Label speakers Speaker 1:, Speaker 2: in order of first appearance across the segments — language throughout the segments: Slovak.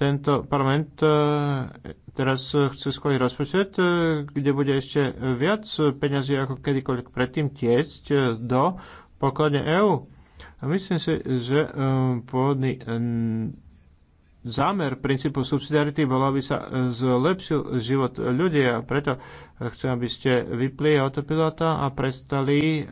Speaker 1: tento parlament e, teraz chce skôr rozpočet, e, kde bude ešte viac peňazí ako kedykoľvek predtým tiecť e, do pokladne EÚ. A myslím si, že pôvodný zámer princípu subsidiarity bolo, aby sa zlepšil život ľudí a preto chcem, aby ste vypli autopilota a prestali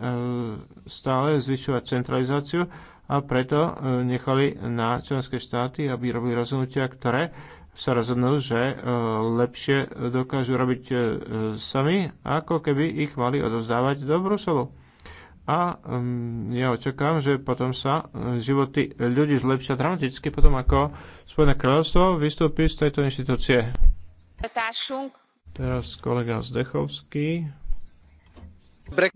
Speaker 1: stále zvyšovať centralizáciu a preto e, nechali na členské štáty, aby robili rozhodnutia, ktoré sa rozhodnú, že e, lepšie dokážu robiť e, sami, ako keby ich mali odozdávať do Bruselu. A ja očakám, že potom sa životy ľudí zlepšia dramaticky, potom ako Spojené kráľovstvo vystúpi z tejto inštitúcie. Teraz kolega Zdechovský.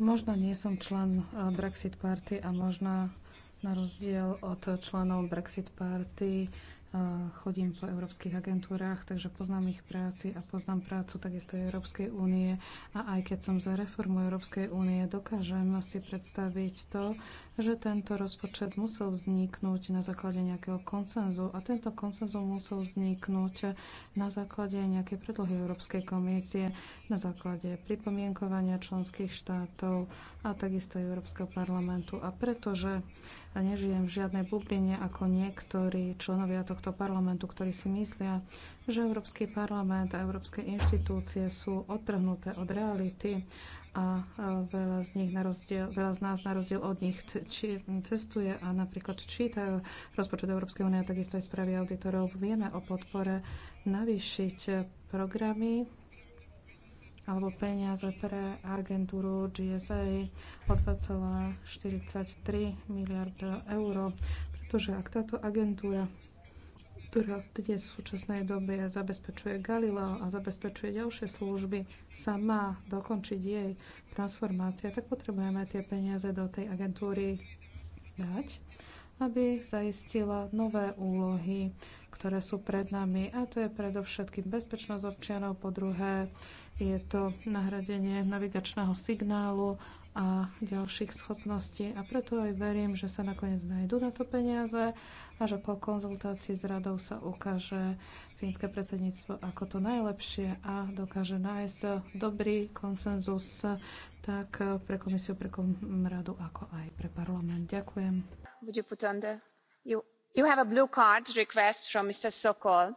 Speaker 2: Možno nie som člen Brexit Party a možno na rozdiel od členov Brexit Party eh, chodím po európskych agentúrách, takže poznám ich práci a poznám prácu takisto Európskej únie. A aj keď som za reformu Európskej únie, dokážem si predstaviť to, že tento rozpočet musel vzniknúť na základe nejakého konsenzu. A tento konsenzu musel vzniknúť na základe nejakej predlohy Európskej komisie, na základe pripomienkovania členských štátov a takisto Európskeho parlamentu. A pretože a nežijem v žiadnej bubline ako niektorí členovia tohto parlamentu, ktorí si myslia, že Európsky parlament a európske inštitúcie sú odtrhnuté od reality a veľa z, nich na rozdiel, veľa z nás na rozdiel od nich cestuje a napríklad číta rozpočet Európskej únie a takisto aj správy auditorov. Vieme o podpore navýšiť programy alebo peniaze pre agentúru GSA o 2,43 miliard eur, pretože ak táto agentúra ktorá dnes v súčasnej dobe zabezpečuje Galileo a zabezpečuje ďalšie služby, sa má dokončiť jej transformácia, tak potrebujeme tie peniaze do tej agentúry dať, aby zaistila nové úlohy, ktoré sú pred nami. A to je predovšetkým bezpečnosť občianov, po druhé je to nahradenie navigačného signálu a ďalších schopností. A preto aj verím, že sa nakoniec nájdú na to peniaze a že po konzultácii s radou sa ukáže fínske predsedníctvo ako to najlepšie a dokáže nájsť dobrý konsenzus tak pre komisiu, pre kom radu, ako aj pre parlament.
Speaker 3: Ďakujem. You, you have a blue card request from Mr. Sokol.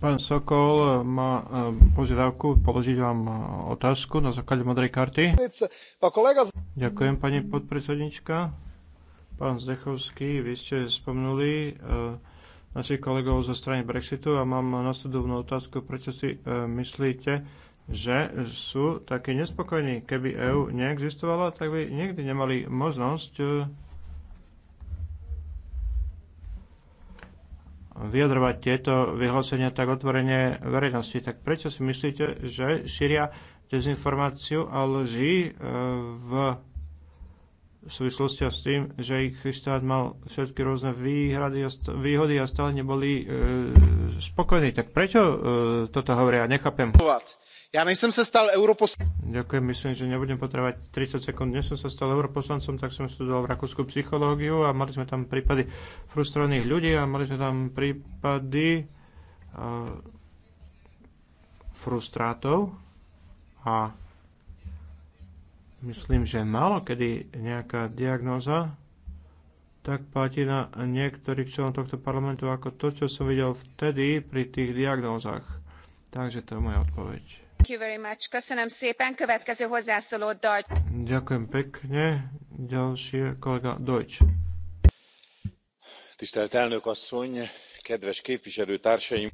Speaker 1: Pán Sokol e, má e, požiadavku položiť vám e, otázku na základe modrej karty. Ďakujem, pani podpredsednička. Pán Zdechovský, vy ste spomenuli našich kolegov zo strany Brexitu a mám nasledovnú otázku. Prečo si myslíte, že sú takí nespokojní? Keby EÚ neexistovala, tak by nikdy nemali možnosť vyjadrovať tieto vyhlásenia tak otvorene verejnosti. Tak prečo si myslíte, že šíria dezinformáciu a lži e, v v súvislosti s tým, že ich štát mal všetky rôzne výhrady a výhody a stále neboli e, spokojní. Tak prečo e, toto hovoria? Nechápem. Ja nejsem sa stal europoslancom. Ďakujem, myslím, že nebudem potrebovať 30 sekúnd. Dnes som sa stal europoslancom, tak som študoval v Rakúsku psychológiu a mali sme tam prípady frustrovaných ľudí a mali sme tam prípady e, frustrátov a myslím, že málo kedy nejaká diagnóza tak platí na niektorých členov tohto parlamentu ako to, čo som videl vtedy pri tých diagnózach. Takže to je moja odpoveď. Ďakujem pekne. Ďalší je kolega Deutsch. Tisztelt elnök asszony, kedves képviselőtársaim!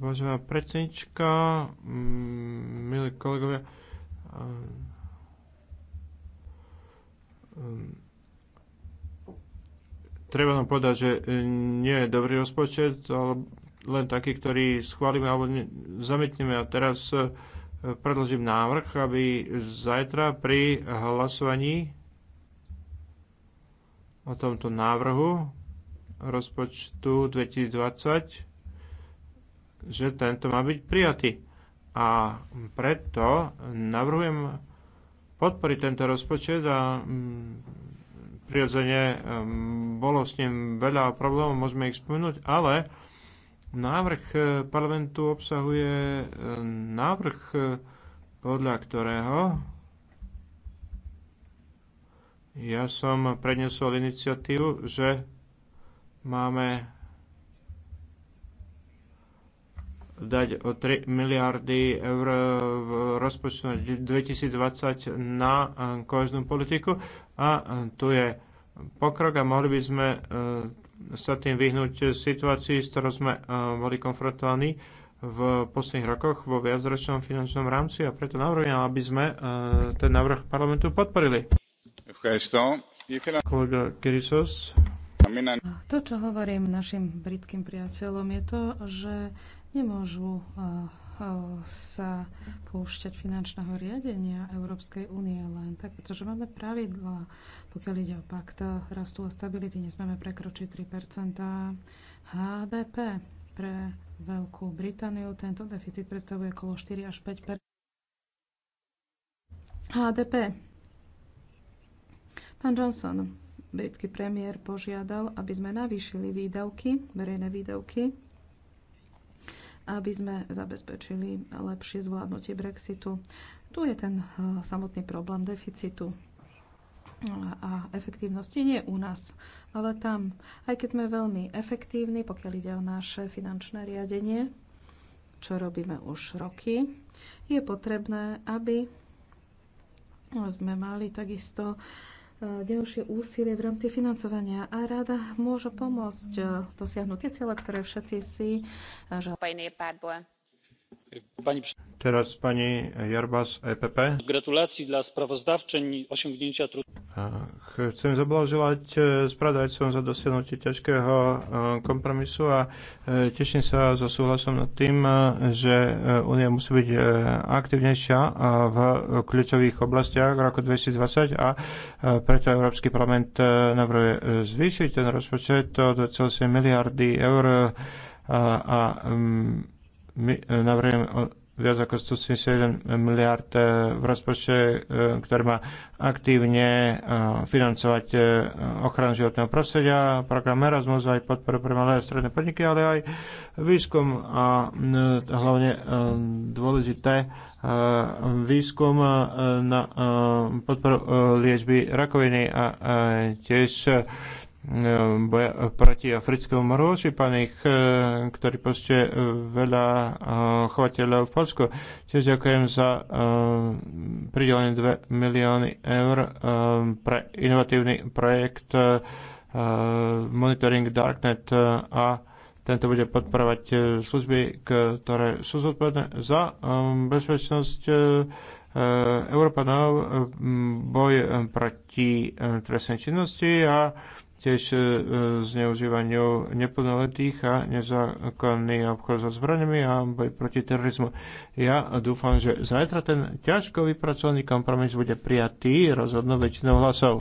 Speaker 1: Vážená predsednička, milí kolegovia, Ehm, treba nám povedať, že e, nie je dobrý rozpočet, ale len taký, ktorý schválime alebo zamietneme. A teraz e, predložím návrh, aby zajtra pri hlasovaní o tomto návrhu rozpočtu 2020, že tento má byť prijatý. A preto navrhujem podporiť tento rozpočet a mm, prirodzene e, bolo s ním veľa problémov, môžeme ich spomenúť, ale návrh e, parlamentu obsahuje e, návrh, podľa ktorého ja som prednesol iniciatívu, že máme dať o 3 miliardy eur v rozpočtu 2020 na eh, kohezdnú politiku a eh, tu je pokrok a mohli by sme eh, sa tým vyhnúť situácii, s ktorou sme boli konfrontovaní v posledných rokoch vo viacročnom finančnom rámci a preto navrhujem, aby sme ten návrh parlamentu podporili. Kolega Kirisos.
Speaker 2: To, čo hovorím našim britským priateľom, je to, že nemôžu sa púšťať finančného riadenia Európskej únie len tak, pretože máme pravidla, pokiaľ ide o pakt rastu a stability, nesmieme prekročiť 3 HDP. Pre Veľkú Britániu tento deficit predstavuje okolo 4 až 5 HDP. Pán Johnson, britský premiér požiadal, aby sme navýšili výdavky, verejné výdavky, aby sme zabezpečili lepšie zvládnutie Brexitu. Tu je ten eh, samotný problém deficitu a efektívnosti nie u nás, ale tam. Aj keď sme veľmi efektívni, pokiaľ ide o naše finančné riadenie, čo robíme už roky, je potrebné, aby sme mali takisto ďalšie úsilie v rámci financovania a rada môže pomôcť e, dosiahnuť tie cieľe, ktoré
Speaker 3: všetci si e, želajú.
Speaker 2: E dla sprawozdawczyń osiągnięcia
Speaker 1: Chcem zablažovať e, spravodajcom za dosiahnutie ťažkého e, kompromisu a teším sa so súhlasom nad tým, že Únia musí byť aktivnejšia v kľúčových oblastiach v roku 2020 a preto Európsky parlament navrhuje zvýšiť ten rozpočet o 2,7 miliardy eur a, a my e, navrhujeme viac ako 171 miliard e, v rozpočte, e, ktorý má aktívne financovať ochranu životného prostredia, program Erasmus, aj podporu pre malé a stredné podniky, ale aj výskum a hlavne dôležité výskum na podporu liečby rakoviny a tiež boja proti africkému moru ošípaných, eh, ktorý pošte eh, veľa eh, chovateľov v Polsku. Tiež ďakujem za pridelenie 2 milióny eur pre inovatívny projekt Monitoring Darknet a tento bude podporovať služby, ktoré sú zodpovedné za bezpečnosť Európanov, boj proti trestnej činnosti a tiež e, e, zneužívaniu neplnoletých a nezákonný obchod so zbraniami a boj proti terorizmu. Ja dúfam, že zajtra ten ťažko vypracovaný kompromis bude prijatý rozhodnou väčšinou hlasov.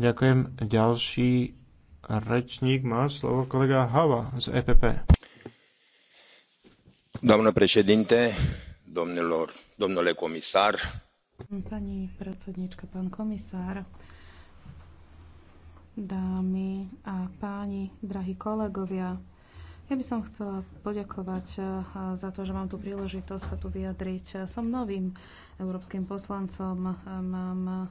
Speaker 1: Ďakujem. Ďalší rečník má slovo kolega Hava z EPP. Domnule președinte, domnilor, domnule comisar.
Speaker 2: Pani pracovníčka, pán komisár, dámy a páni, drahí kolegovia. Ja by som chcela poďakovať eh, za to, že mám tu príležitosť sa tu vyjadriť. Eh, som novým európskym poslancom, eh, mám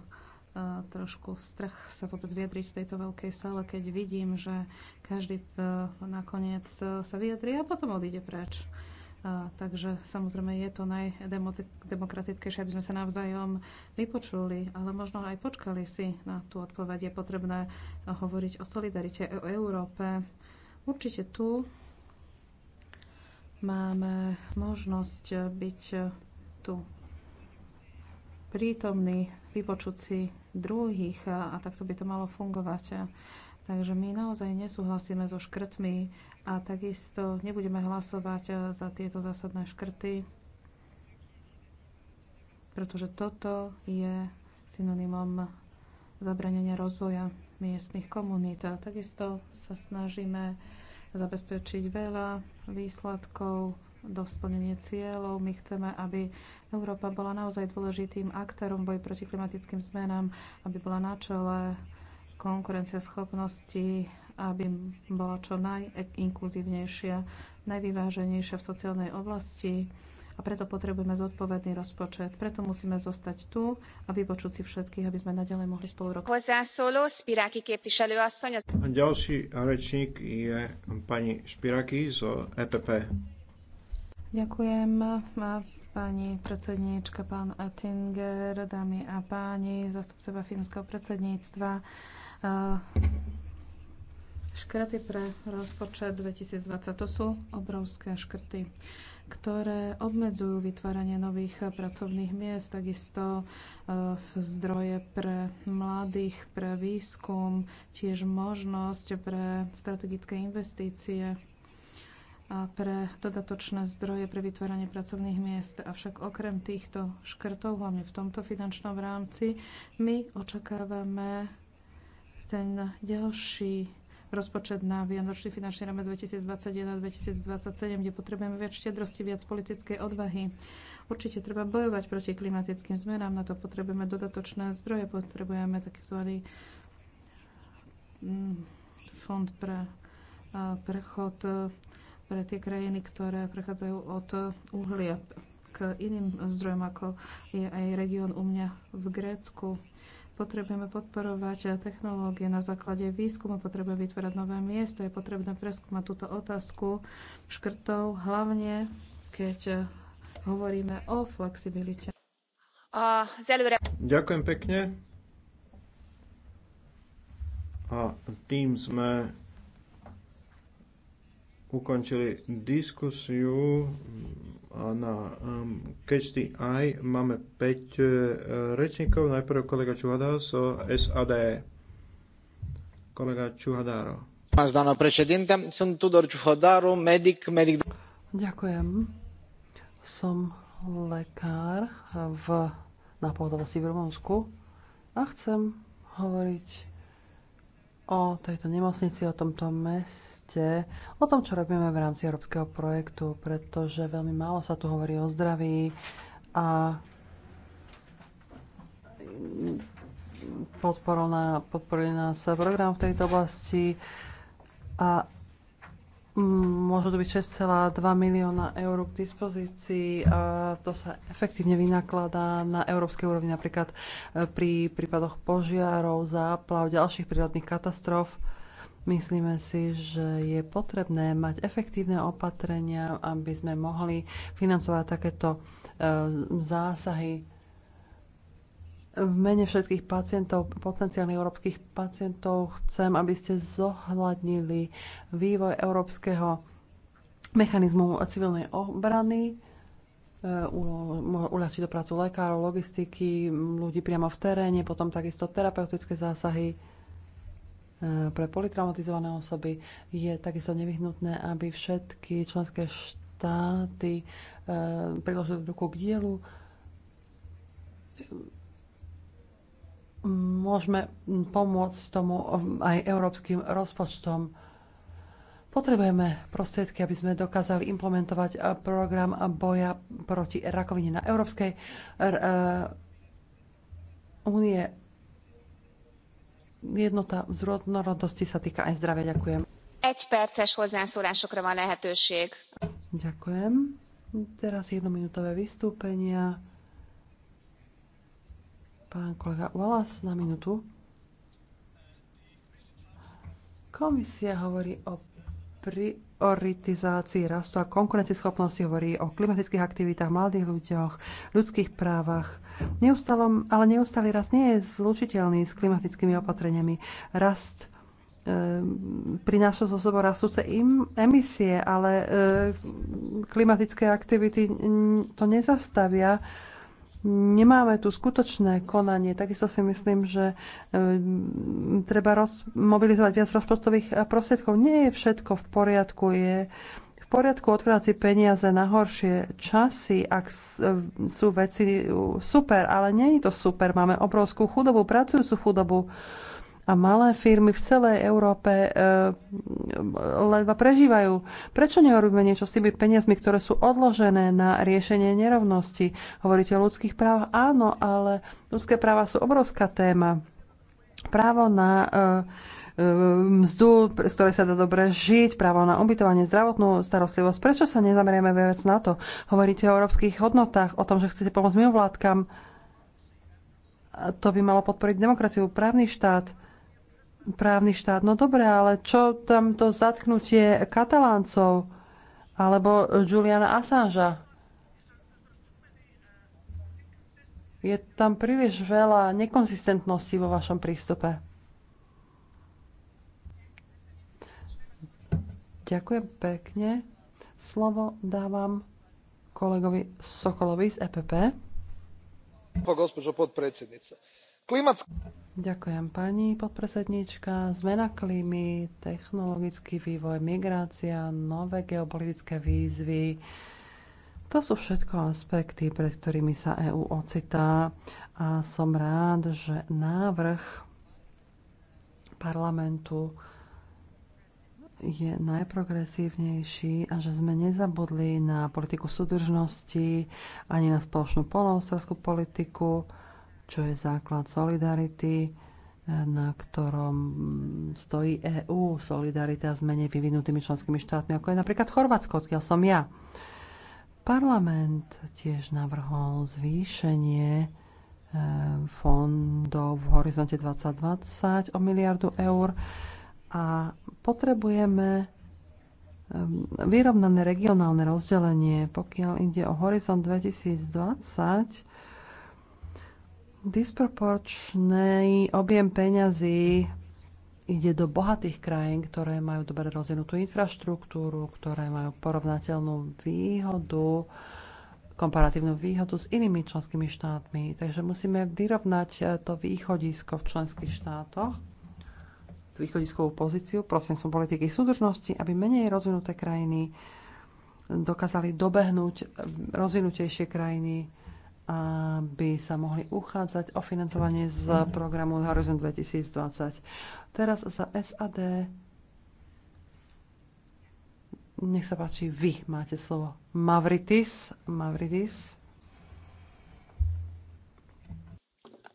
Speaker 2: trošku strach sa vôbec vyjadriť v tejto veľkej sale, keď vidím, že každý nakoniec sa vyjadrí a potom odíde preč takže samozrejme je to najdemokratickejšie, aby sme sa navzájom vypočuli, ale možno aj počkali si na tú odpoveď. Je potrebné hovoriť o solidarite, o Európe. Určite tu máme možnosť byť tu prítomný, vypočúci druhých a, a takto by to malo fungovať. Takže my naozaj nesúhlasíme so škrtmi a takisto nebudeme hlasovať eh, za tieto zásadné škrty, pretože toto je synonymom zabranenia rozvoja miestnych komunít. A takisto sa snažíme zabezpečiť veľa výsledkov do splnenie cieľov. My chceme, aby Európa bola naozaj dôležitým aktérom v boji proti klimatickým zmenám, aby bola na čele konkurencieschopnosti, aby bola čo najinkluzívnejšia, najvyváženejšia v sociálnej oblasti a preto potrebujeme zodpovedný rozpočet. Preto musíme zostať tu a vypočuť si všetkých, aby sme naďalej mohli spolu
Speaker 3: rokovať.
Speaker 1: Ďalší rečník je pani Špiraky z EPP.
Speaker 3: Ďakujem
Speaker 2: pani predsedníčka, pán Oettinger, dámy a páni, zastupcova fínskeho predsedníctva. Škrty pre rozpočet 2020 to sú obrovské škrty, ktoré obmedzujú vytváranie nových pracovných miest, takisto e, zdroje pre mladých, pre výskum, tiež možnosť pre strategické investície a pre dodatočné zdroje pre vytváranie pracovných miest. Avšak okrem týchto škrtov, hlavne v tomto finančnom rámci, my očakávame ten ďalší rozpočet na vianočný finančný rámec 2021-2027, kde potrebujeme viac štedrosti, viac politickej odvahy. Určite treba bojovať proti klimatickým zmenám, na to potrebujeme dodatočné zdroje, potrebujeme takzvaný mm, fond pre prechod pre tie krajiny, ktoré prechádzajú od uhlia k iným zdrojom, ako je aj región u mňa v Grécku Potrebujeme podporovať technológie na základe výskumu, potrebujeme vytvárať nové miesta, je potrebné preskúmať túto otázku škrtov, hlavne keď hovoríme
Speaker 1: o flexibilite. Ďakujem pekne. A tým sme ukončili diskusiu na um, Catch the máme 5 uh, e, rečníkov. Najprv kolega Čuhadá z so SAD. Kolega Čuhadáro. Doamna președinte, sunt Tudor Ciuhodaru, medic, medic...
Speaker 4: Ďakujem. Som lekár v, na pohodovosti v Rumunsku a chcem hovoriť o tejto nemocnici, o tomto meste, o tom, čo robíme v rámci európskeho projektu, pretože veľmi málo sa tu hovorí o zdraví a podporil nás program v tejto oblasti a Môžu to byť 6,2 milióna eur k dispozícii a to sa efektívne vynakladá na európskej úrovni napríklad e, pri prípadoch požiarov, záplav, ďalších prírodných katastrof. Myslíme si, že je potrebné mať efektívne opatrenia, aby sme mohli financovať takéto e, zásahy v mene všetkých pacientov, potenciálnych európskych pacientov, chcem, aby ste zohľadnili vývoj európskeho mechanizmu civilnej obrany, e, uľahčiť do prácu lekárov, logistiky, ľudí priamo v teréne, potom takisto terapeutické zásahy e, pre politraumatizované osoby. Je takisto nevyhnutné, aby všetky členské štáty e, priložili ruku k dielu môžeme pomôcť tomu um, aj európskym rozpočtom. Potrebujeme prostriedky, aby sme dokázali implementovať uh, program boja proti rakovine na Európskej uh, únie. Jednota z rodnorodosti sa týka aj zdravia. Ďakujem.
Speaker 3: Egy perces hozzászólásokra van lehetőség.
Speaker 4: Ďakujem. Teraz jednominútové vystúpenia. Pán kolega Wallace na minútu. Komisia hovorí o prioritizácii rastu a konkurencieschopnosti, hovorí o klimatických aktivitách, mladých ľuďoch, ľudských právach. Neustalom, ale neustály rast nie je zlučiteľný s klimatickými opatreniami. Rast e, prináša zo sebou rastúce im, emisie, ale e, klimatické aktivity to nezastavia nemáme tu skutočné konanie. Takisto si myslím, že e, treba roz, mobilizovať viac rozpočtových e, prostriedkov. Nie je všetko v poriadku. Je v poriadku odkladať si peniaze na horšie časy, ak e, sú veci super, ale nie je to super. Máme obrovskú chudobu, pracujúcu chudobu a malé firmy v celej Európe e, ledva prežívajú. Prečo neurobíme niečo s tými peniazmi, ktoré sú odložené na riešenie nerovnosti? Hovoríte o ľudských právach? Áno, ale ľudské práva sú obrovská téma. Právo na e, e mzdu, z ktorej sa dá dobre žiť, právo na ubytovanie, zdravotnú starostlivosť. Prečo sa nezamerieme viac na to? Hovoríte o európskych hodnotách, o tom, že chcete pomôcť mimovládkam. To by malo podporiť demokraciu, právny štát právny štát. No dobre, ale čo tam to zatknutie kataláncov alebo Juliana Assangea? Je tam príliš veľa nekonzistentností vo vašom prístupe. Ďakujem pekne. Slovo dávam kolegovi Sokolovi z EPP.
Speaker 2: gospođo podpredsednice.
Speaker 4: Klimatska Ďakujem pani podpredsednička. Zmena klímy, technologický vývoj, migrácia, nové geopolitické výzvy. To sú všetko aspekty, pred ktorými sa EÚ ocitá a som rád, že návrh parlamentu je najprogresívnejší a že sme nezabudli na politiku súdržnosti ani na spoločnú polovstrovskú politiku čo je základ solidarity, na ktorom stojí EÚ, solidarita s menej vyvinutými členskými štátmi, ako je napríklad Chorvátsko, odkiaľ som ja. Parlament tiež navrhol zvýšenie e, fondov v horizonte 2020 o miliardu eur a potrebujeme e, vyrovnané regionálne rozdelenie. Pokiaľ ide o horizont 2020, Disproporčný objem peňazí ide do bohatých krajín, ktoré majú dobre rozvinutú infraštruktúru, ktoré majú porovnateľnú výhodu, komparatívnu výhodu s inými členskými štátmi. Takže musíme vyrovnať eh, to východisko v členských štátoch, východiskovú pozíciu prosím som politiky súdržnosti, aby menej rozvinuté krajiny dokázali dobehnúť rozvinutejšie krajiny aby sa mohli uchádzať o financovanie z programu Horizon 2020. Teraz za SAD nech sa páči, vy máte slovo. Mavritis. Mavritis.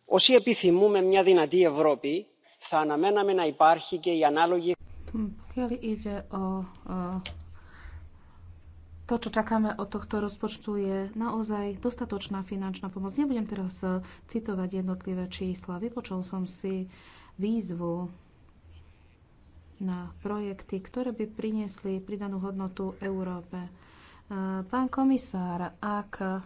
Speaker 4: Όσοι επιθυμούμε μια δυνατή Ευρώπη, θα αναμέναμε να υπάρχει και η ανάλογη...
Speaker 2: Pokiaľ ide o, o to, čo čakáme od tohto rozpočtu, je naozaj dostatočná finančná pomoc. Nebudem teraz eh, citovať jednotlivé čísla. Vypočul som si výzvu na projekty, ktoré by priniesli pridanú hodnotu Európe. Eh, pán komisár, ak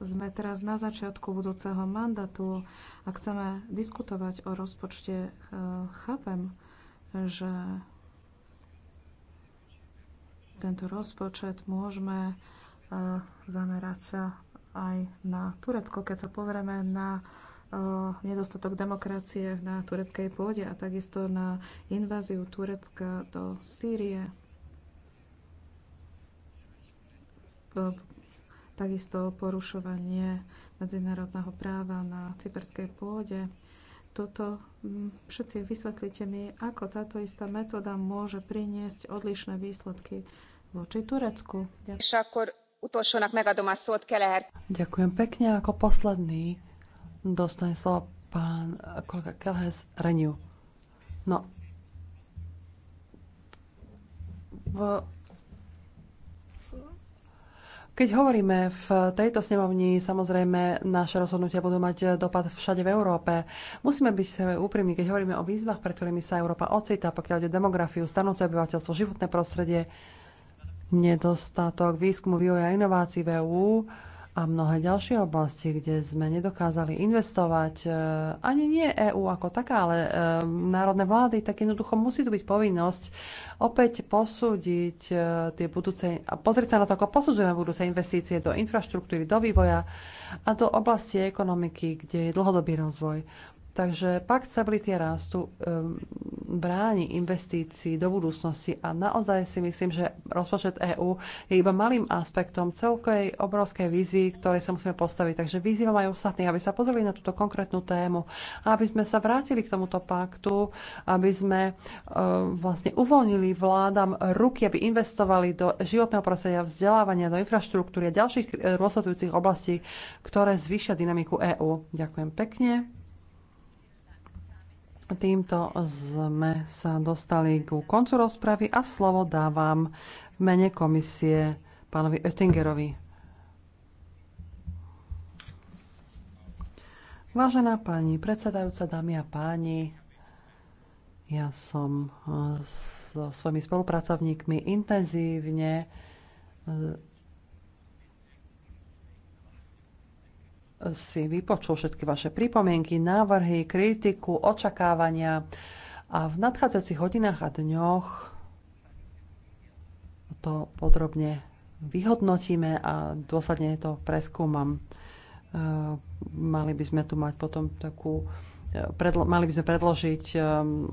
Speaker 2: sme teraz na začiatku budúceho mandátu a chceme diskutovať o rozpočte, eh, chápem, že tento rozpočet môžeme e, zamerať sa aj na Turecko. Keď sa pozrieme na e, nedostatok demokracie na tureckej pôde a takisto na inváziu Turecka do Sýrie, e, takisto porušovanie medzinárodného práva na cyperskej pôde, toto všetci vysvetlite mi, ako táto istá metóda môže
Speaker 3: priniesť odlišné výsledky voči Turecku.
Speaker 4: Ďakujem. pekne. Ako posledný dostane slovo pán kolega Kelhes Reniu. No, v keď hovoríme v tejto snemovni, samozrejme naše rozhodnutia budú mať dopad všade v Európe. Musíme byť sebe úprimní, keď hovoríme o výzvach, pre ktorými sa Európa ocitá, pokiaľ ide o demografiu, starnúce obyvateľstvo, životné prostredie nedostatok výskumu, vývoja a inovácií v EÚ a mnohé ďalšie oblasti, kde sme nedokázali investovať e, ani nie EÚ ako taká, ale e, národné vlády, tak jednoducho musí tu byť povinnosť opäť posúdiť e, tie budúce, a pozrieť sa na to, ako posudzujeme budúce investície do infraštruktúry, do vývoja a do oblasti ekonomiky, kde je dlhodobý rozvoj. Takže pakt stability a rastu um, bráni investícií do budúcnosti a naozaj si myslím, že rozpočet EÚ je iba malým aspektom celkovej obrovskej výzvy, ktoré sa musíme postaviť. Takže vyzývam aj ostatných, aby sa pozreli na túto konkrétnu tému, aby sme sa vrátili k tomuto paktu, aby sme um, vlastne uvoľnili vládam ruky, aby investovali do životného prostredia, vzdelávania, do infraštruktúry a ďalších e, rozhodujúcich oblastí, ktoré zvýšia dynamiku EÚ. Ďakujem pekne. Týmto sme sa dostali ku koncu rozpravy a slovo dávam v mene komisie pánovi Oettingerovi. Vážená pani predsedajúca, dámy a páni, ja som eh, so svojimi spolupracovníkmi intenzívne eh, si vypočul všetky vaše pripomienky, návrhy, kritiku, očakávania a v nadchádzajúcich hodinách a dňoch to podrobne vyhodnotíme a dôsledne to preskúmam. E, mali by sme tu mať potom takú e, mali by sme predložiť e,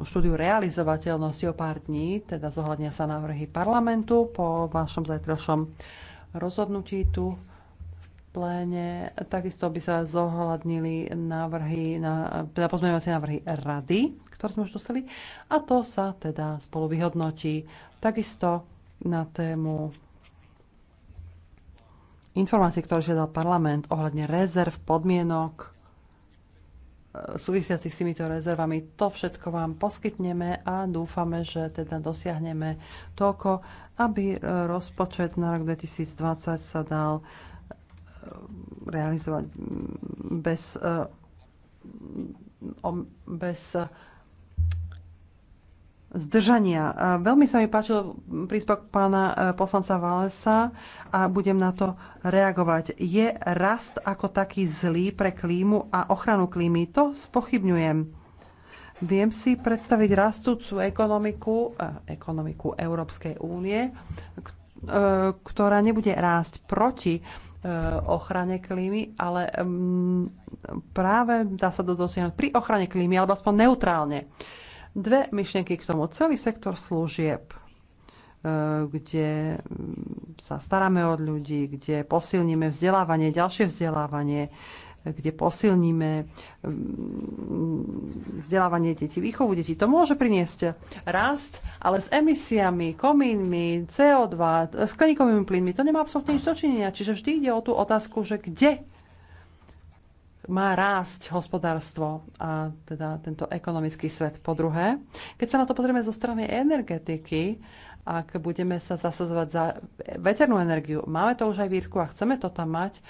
Speaker 4: štúdiu realizovateľnosti o pár dní, teda zohľadnia sa návrhy parlamentu po vašom zajtrašom rozhodnutí tu pléne. Takisto by sa zohľadnili návrhy na, na pozmeňovacie návrhy rady, ktoré sme už dostali. A to sa teda spolu vyhodnotí. Takisto na tému informácií, ktoré žiadal parlament ohľadne rezerv, podmienok e, súvisiacich s týmito rezervami. To všetko vám poskytneme a dúfame, že teda dosiahneme toľko, aby e, rozpočet na rok 2020 sa dal realizovať bez, eh, bez eh, zdržania. Veľmi sa mi páčil príspevok pána eh, poslanca Valesa a budem na to reagovať. Je rast ako taký zlý pre klímu a ochranu klímy? To spochybňujem. Viem si predstaviť rastúcu ekonomiku, ekonomiku Európskej únie, ktorá nebude rásť proti E, ochrane klímy, ale mm, práve dá sa to dosiahnuť pri ochrane klímy, alebo aspoň neutrálne. Dve myšlienky k tomu. Celý sektor služieb, e, kde mm, sa staráme od ľudí, kde posilníme vzdelávanie, ďalšie vzdelávanie, kde posilníme mm, vzdelávanie detí, výchovu detí. To môže priniesť rast, ale s emisiami, komínmi, CO2, skleníkovými plynmi, to nemá absolútne nič dočinenia. Čiže vždy ide o tú otázku, že kde má rásť hospodárstvo a teda tento ekonomický svet. Po druhé, keď sa na to pozrieme zo strany energetiky, ak budeme sa zasazovať za veternú energiu, máme to už aj výrku a chceme to tam mať,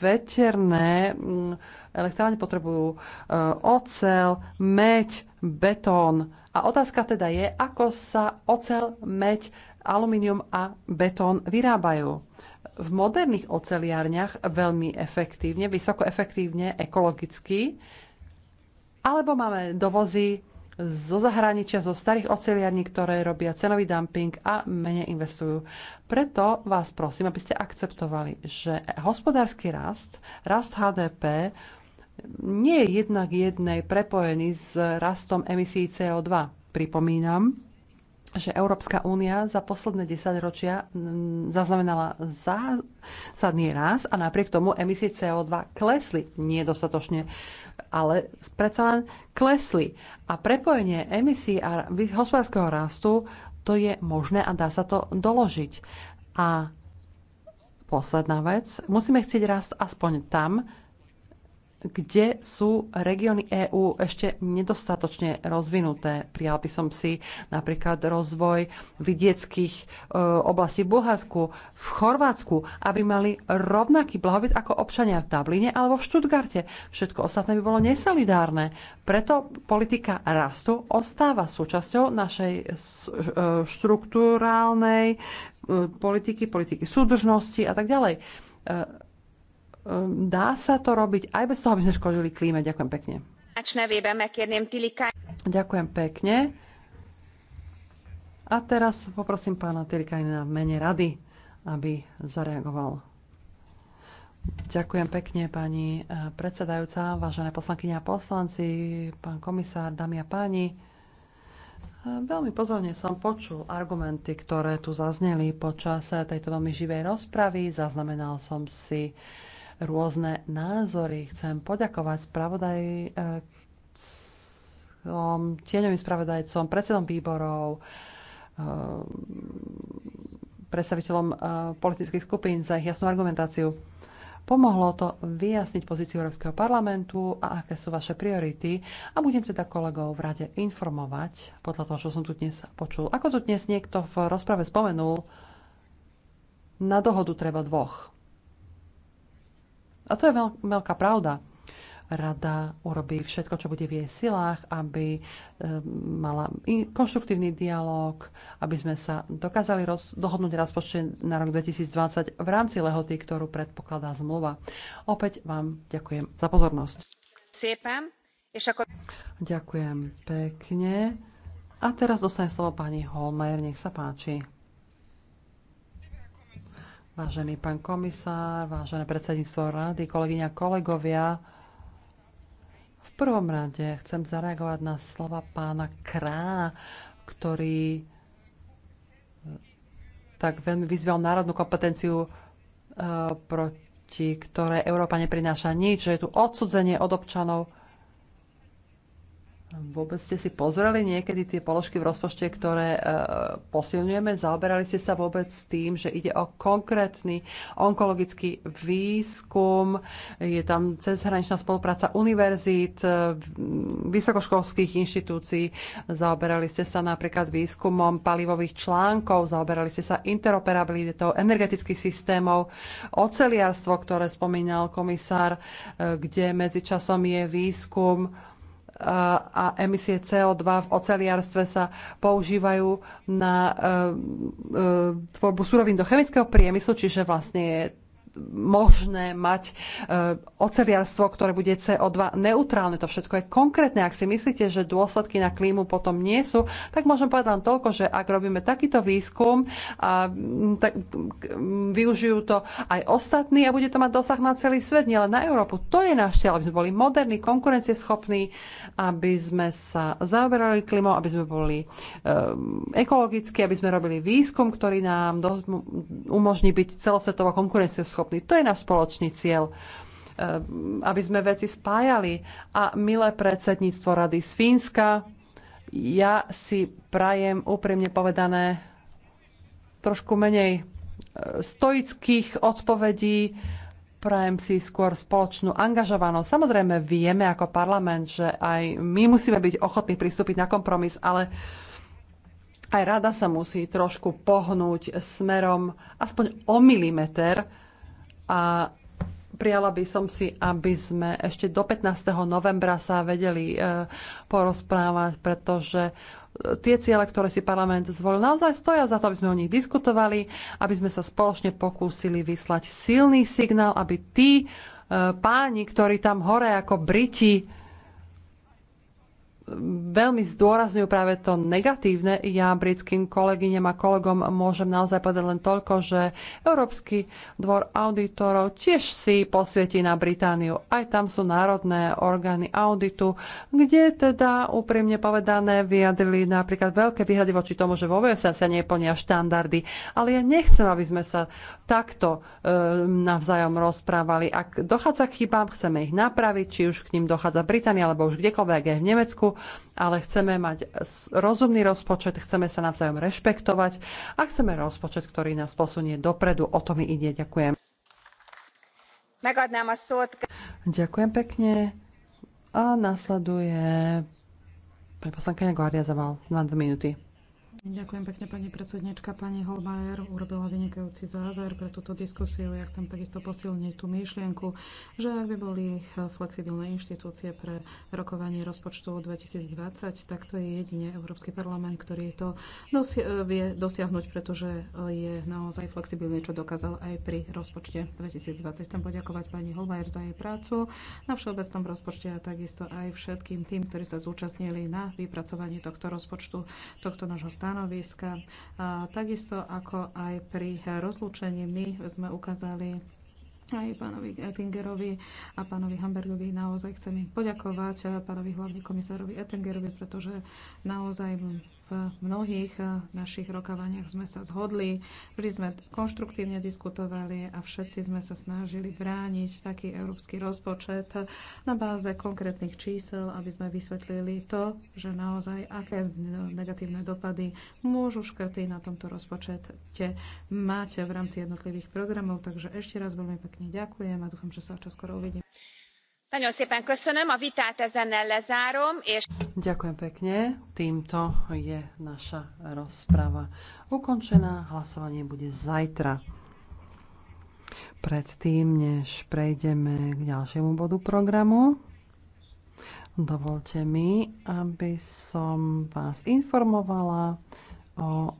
Speaker 4: veterné mm, elektrárne potrebujú e, ocel, meď, betón. A otázka teda je, ako sa ocel, meď, alumínium a betón vyrábajú. V moderných oceliárniach veľmi efektívne, vysoko efektívne, ekologicky, alebo máme dovozy zo zahraničia, zo starých oceliarní, ktoré robia cenový dumping a menej investujú. Preto vás prosím, aby ste akceptovali, že hospodársky rast, rast HDP nie je jednak jednej prepojený s rastom emisí CO2. Pripomínam, že Európska únia za posledné 10 ročia zaznamenala zásadný rast a napriek tomu emisie CO2 klesli nedostatočne ale predsa len klesli. A prepojenie emisí a hospodárskeho rastu to je možné a dá sa to doložiť. A posledná vec, musíme chcieť rast aspoň tam, kde sú regióny EÚ ešte nedostatočne rozvinuté. Prijal by som si napríklad rozvoj vidieckých e, oblastí v Bulharsku, v Chorvátsku, aby mali rovnaký blahobyt ako občania v Dubline alebo v Štutgarte. Všetko ostatné by bolo nesolidárne. Preto politika rastu ostáva súčasťou našej e, štruktúrálnej e, politiky, politiky súdržnosti a tak ďalej dá sa to robiť aj bez toho, aby sme škodili klíme. Ďakujem pekne. Ďakujem pekne. A teraz poprosím pána Tilikajna v mene rady, aby zareagoval. Ďakujem pekne, pani predsedajúca, vážené poslankyne a poslanci, pán komisár, dámy a páni. Veľmi pozorne som počul argumenty, ktoré tu zazneli počas tejto veľmi živej rozpravy. Zaznamenal som si uh, rôzne názory. Chcem poďakovať spravodajcom, tieňovým spravodajcom, predsedom výborov, eh, predstaviteľom eh, politických skupín za ich jasnú argumentáciu. Pomohlo to vyjasniť pozíciu Európskeho parlamentu a aké sú vaše priority a budem teda kolegov v rade informovať podľa toho, čo som tu dnes počul. Ako tu dnes niekto v rozprave spomenul, na dohodu treba dvoch. A to je veľ, veľká pravda. Rada urobí všetko, čo bude v jej silách, aby e, mala in, konštruktívny dialog, aby sme sa dokázali roz, dohodnúť rozpočte na rok 2020 v rámci lehoty, ktorú predpokladá zmluva. Opäť vám ďakujem za pozornosť. Ďakujem pekne. A teraz dostane slovo pani Holmajer, nech sa páči. Vážený pán komisár, vážené predsedníctvo rady, kolegyňa, kolegovia, v prvom rade chcem zareagovať na slova pána Krá, ktorý tak veľmi vyzval národnú kompetenciu, e, proti ktorej Európa neprináša nič, že je tu odsudzenie od občanov Vôbec ste si pozreli niekedy tie položky v rozpočte, ktoré e, posilňujeme? Zaoberali ste sa vôbec s tým, že ide o konkrétny onkologický výskum, je tam cezhraničná spolupráca univerzít, e, vysokoškolských inštitúcií, zaoberali ste sa napríklad výskumom palivových článkov, zaoberali ste sa interoperabilitou energetických systémov, oceliarstvo, ktoré spomínal komisár, e, kde medzičasom je výskum a emisie CO2 v oceliarstve sa používajú na e, e, tvorbu surovín do chemického priemyslu, čiže vlastne je možné mať e, oceliarstvo, ktoré bude CO2 neutrálne. To všetko je konkrétne. Ak si myslíte, že dôsledky na klímu potom nie sú, tak môžem povedať len toľko, že ak robíme takýto výskum, a, tak využijú to aj ostatní a bude to mať dosah na celý svet, nielen na Európu. To je náš cieľ, aby sme boli moderní, konkurencieschopní, aby sme sa zaoberali klímou, aby sme boli um, e, ekologickí, aby sme robili výskum, ktorý nám do, umožní byť celosvetovo konkurencieschopný schopní. To je náš spoločný cieľ eh, aby sme veci spájali. A milé predsedníctvo rady z Fínska, ja si prajem úprimne povedané trošku menej eh, stoických odpovedí, prajem si skôr spoločnú angažovanosť. Samozrejme vieme ako parlament, že aj my musíme byť ochotní pristúpiť na kompromis, ale aj rada sa musí trošku pohnúť smerom aspoň o milimeter a prijala by som si, aby sme ešte do 15. novembra sa vedeli e, porozprávať, pretože e, tie ciele, ktoré si parlament zvolil, naozaj stoja za to, aby sme o nich diskutovali, aby sme sa spoločne pokúsili vyslať silný signál, aby tí e, páni, ktorí tam hore ako Briti veľmi zdôrazňujú práve to negatívne. Ja britským kolegyňam a kolegom môžem naozaj povedať len toľko, že Európsky dvor auditorov tiež si posvietí na Britániu. Aj tam sú národné orgány auditu, kde teda úprimne povedané vyjadrili napríklad veľké výhrady voči tomu, že vo VSA sa neplnia štandardy. Ale ja nechcem, aby sme sa takto e, navzájom rozprávali. Ak dochádza k chybám, chceme ich napraviť, či už k ním dochádza Británia alebo už kdekoľvek aj v Nemecku ale chceme mať rozumný rozpočet, chceme sa navzájom rešpektovať a chceme rozpočet, ktorý nás posunie dopredu. O to mi ide. Ďakujem. Ďakujem pekne. A nasleduje pani poslankyňa Guardia mal na dve minúty.
Speaker 2: Ďakujem pekne, pani predsednička. Pani Holmajer urobila vynikajúci záver pre túto diskusiu. Ja chcem takisto posilniť tú myšlienku, že ak by boli eh, flexibilné inštitúcie pre rokovanie rozpočtu 2020, tak to je jedine Európsky parlament, ktorý to dosi- eh, vie dosiahnuť, pretože eh, je naozaj flexibilný, čo dokázal aj pri rozpočte 2020. Chcem poďakovať pani Holmajer za jej prácu na všeobecnom rozpočte a takisto aj všetkým tým, ktorí sa zúčastnili na vypracovaní tohto rozpočtu, tohto nášho stánu stanoviska. A takisto ako aj pri rozlúčení my sme ukázali aj pánovi Ettingerovi a pánovi Hambergovi. Naozaj chcem im poďakovať, pánovi hlavne komisárovi Ettingerovi, pretože naozaj v mnohých eh, našich rokovaniach sme sa zhodli, vždy sme konštruktívne diskutovali a všetci sme sa snažili brániť taký európsky rozpočet na báze konkrétnych čísel, aby sme vysvetlili to, že naozaj aké negatívne dopady môžu škrty na tomto rozpočete mať v rámci jednotlivých programov. Takže ešte raz veľmi pekne ďakujem a dúfam, že sa čoskoro uvidíme.
Speaker 4: Ďakujem pekne. Týmto je naša rozprava ukončená. Hlasovanie bude zajtra. Predtým, než prejdeme k ďalšiemu bodu programu, dovolte mi, aby som vás informovala o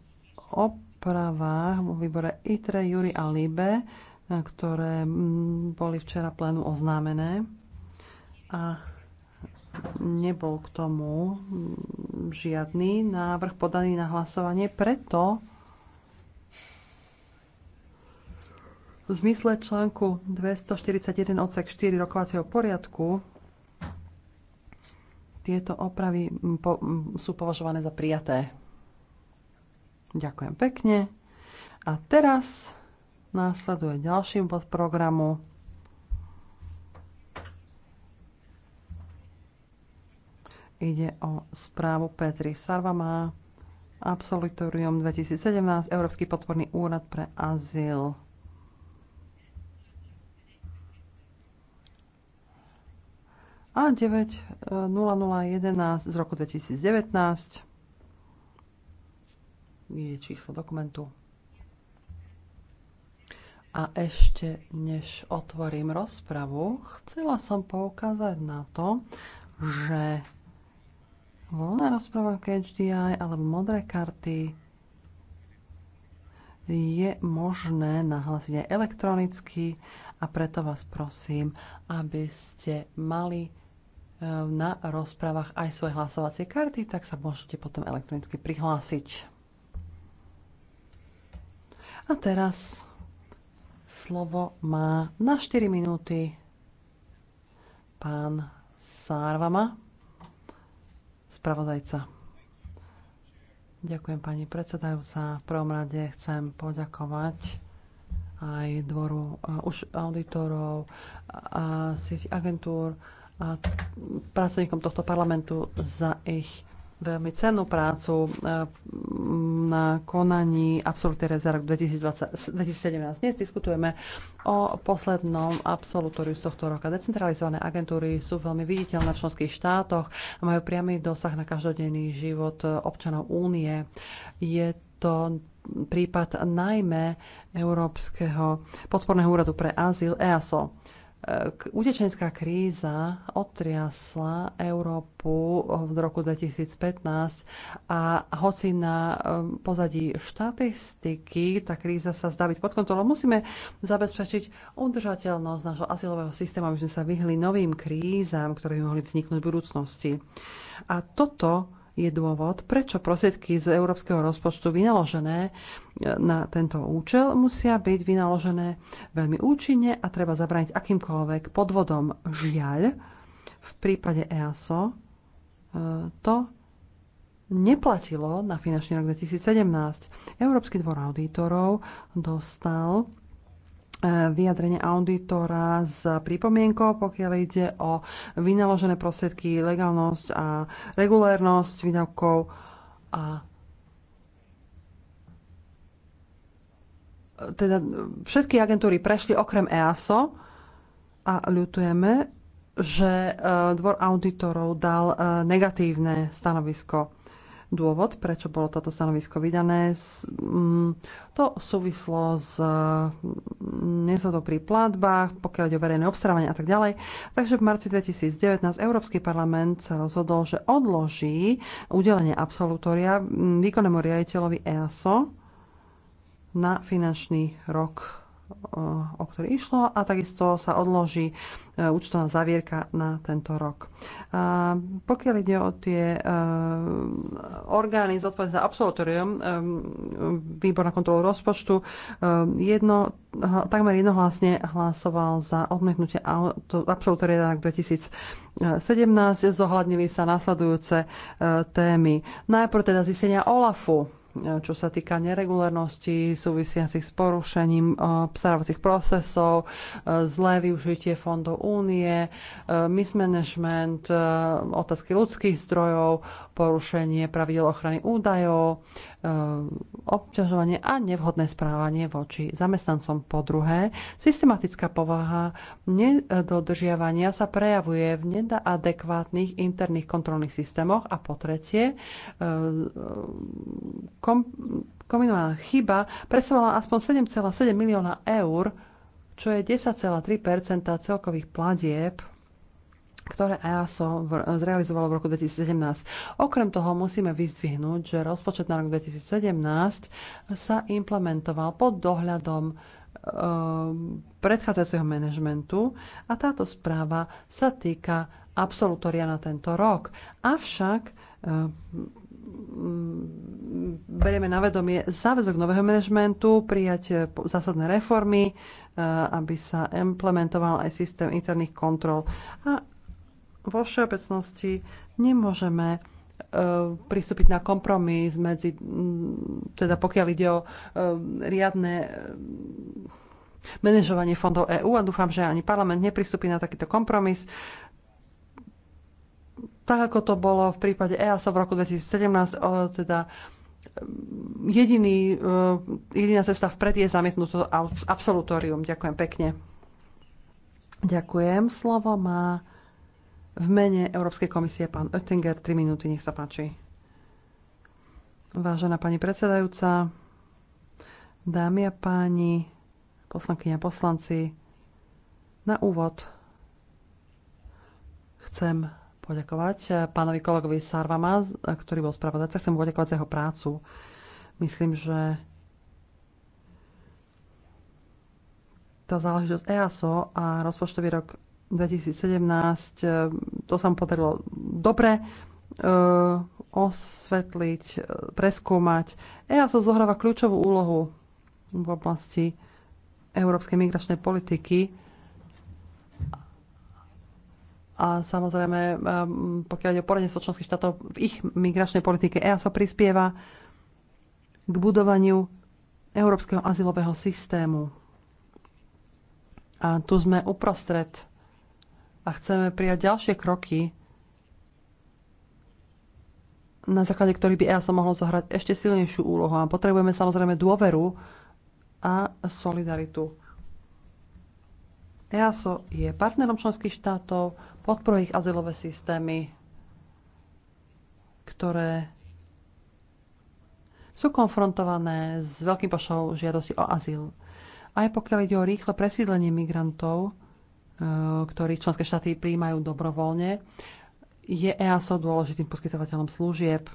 Speaker 4: opravách vo výbore ITRE, Juri a Libe, ktoré boli včera plénu oznámené a nebol k tomu žiadny návrh podaný na hlasovanie, preto v zmysle článku 241 odsek 4 rokovacieho poriadku tieto opravy po, sú považované za prijaté. Ďakujem pekne. A teraz následuje ďalší bod programu Ide o správu Petri Sarvama, Absolutorium 2017, Európsky podporný úrad pre azyl. A 9.0011 z roku 2019 je číslo dokumentu. A ešte než otvorím rozpravu, chcela som poukázať na to, že voľná rozpráva HDI alebo modré karty je možné nahlásiť aj elektronicky a preto vás prosím, aby ste mali e, na rozprávach aj svoje hlasovacie karty, tak sa môžete potom elektronicky prihlásiť. A teraz slovo má na 4 minúty pán Sárvama spravodajca. Ďakujem pani predsedajúca. V prvom rade chcem poďakovať aj dvoru uh, už auditorov a sieť agentúr a pracovníkom tohto parlamentu za ich veľmi cennú prácu e, na konaní absolútnej rezerv 2020, 2017. Dnes diskutujeme o poslednom absolutóriu z tohto roka. Decentralizované agentúry sú veľmi viditeľné v členských štátoch a majú priamy dosah na každodenný život občanov únie. Je to prípad najmä Európskeho podporného úradu pre azyl EASO Utečenská kríza otriasla Európu v roku 2015 a hoci na um, pozadí štatistiky tá kríza sa zdá byť pod kontrolou, musíme zabezpečiť udržateľnosť nášho asilového systému, aby sme sa vyhli novým krízam, ktoré by mohli vzniknúť v budúcnosti. A toto je dôvod, prečo prostriedky z európskeho rozpočtu vynaložené e, na tento účel musia byť vynaložené veľmi účinne a treba zabrániť akýmkoľvek podvodom. Žiaľ, v prípade EASO e, to neplatilo na finančný rok 2017. Európsky dvor auditorov dostal E, vyjadrenie auditora s pripomienkou, pokiaľ ide o vynaložené prostriedky, legálnosť a regulérnosť výdavkov a teda všetky agentúry prešli okrem EASO a ľutujeme, že e, dvor auditorov dal e, negatívne stanovisko. Dôvod, prečo bolo toto stanovisko vydané, mm, to súvislo s mm, nezhodou pri platbách, pokiaľ ide o verejné obstarávanie a tak ďalej. Takže v marci 2019 Európsky parlament sa rozhodol, že odloží udelenie absolutória mm, výkonnému riaditeľovi EASO na finančný rok o ktorý išlo a takisto sa odloží e, účtovná zavierka na tento rok. E, pokiaľ ide o tie e, orgány zodpovedné za absolutorium, výbor na kontrolu rozpočtu, jedno, takmer jednohlasne hlasoval za odmietnutie absolutoria na rok 2017. Zohľadnili sa nasledujúce témy. Najprv teda zistenia OLAFu, čo sa týka neregulárnosti súvisiacich s porušením eh, obstarávacích procesov, eh, zlé využitie fondov únie, eh, mismanagement, otázky ľudských zdrojov, porušenie pravidel ochrany údajov, Ehm, obťažovanie a nevhodné správanie voči zamestnancom. Po druhé, systematická povaha nedodržiavania sa prejavuje v nedaadekvátnych interných kontrolných systémoch a po tretie, ehm, kom- kombinovaná chyba predstavovala aspoň 7,7 milióna eur, čo je 10,3 celkových platieb ktoré EASO zrealizovalo v roku 2017. Okrem toho musíme vyzdvihnúť, že rozpočet na rok 2017 sa implementoval pod dohľadom e, predchádzajúceho manažmentu a táto správa sa týka absolutoria na tento rok. Avšak e, berieme na vedomie záväzok nového manažmentu, prijať e, zásadné reformy, aby sa implementoval aj systém interných kontrol a vo všeobecnosti nemôžeme e, pristúpiť na kompromis medzi, teda pokiaľ ide o e, riadne e, manažovanie fondov EÚ a dúfam, že ani parlament nepristúpi na takýto kompromis. Tak ako to bolo v prípade EASO v roku 2017, teda jediný, jediná cesta vpred je zamietnuto absolutórium. Ďakujem pekne. Ďakujem. Slovo má v mene Európskej komisie pán Oettinger, 3 minúty, nech sa páči. Vážená pani predsedajúca, dámy a páni, poslankyňa poslanci, na úvod chcem poďakovať pánovi kolegovi Sarvama, ktorý bol spravodajca. Chcem poďakovať za jeho prácu. Myslím, že tá záležitosť EASO a rozpočtový rok 2017. Eh, to sa mu podarilo dobre eh, osvetliť, eh, preskúmať. EASO zohráva kľúčovú úlohu v oblasti európskej migračnej politiky. A samozrejme, pokiaľ ide o poradenstvo členských štátov, v ich migračnej politike EASO prispieva k budovaniu európskeho azylového systému. A tu sme uprostred a chceme prijať ďalšie kroky, na základe ktorých by EASO mohlo zahrať ešte silnejšiu úlohu. A potrebujeme samozrejme dôveru a solidaritu. EASO je partnerom členských štátov, podporuje ich azylové systémy, ktoré sú konfrontované s veľkým pošou žiadosti o azyl. Aj pokiaľ ide o rýchle presídlenie migrantov, Eh, ktorých členské štáty príjmajú dobrovoľne. Je EASO dôležitým poskytovateľom služieb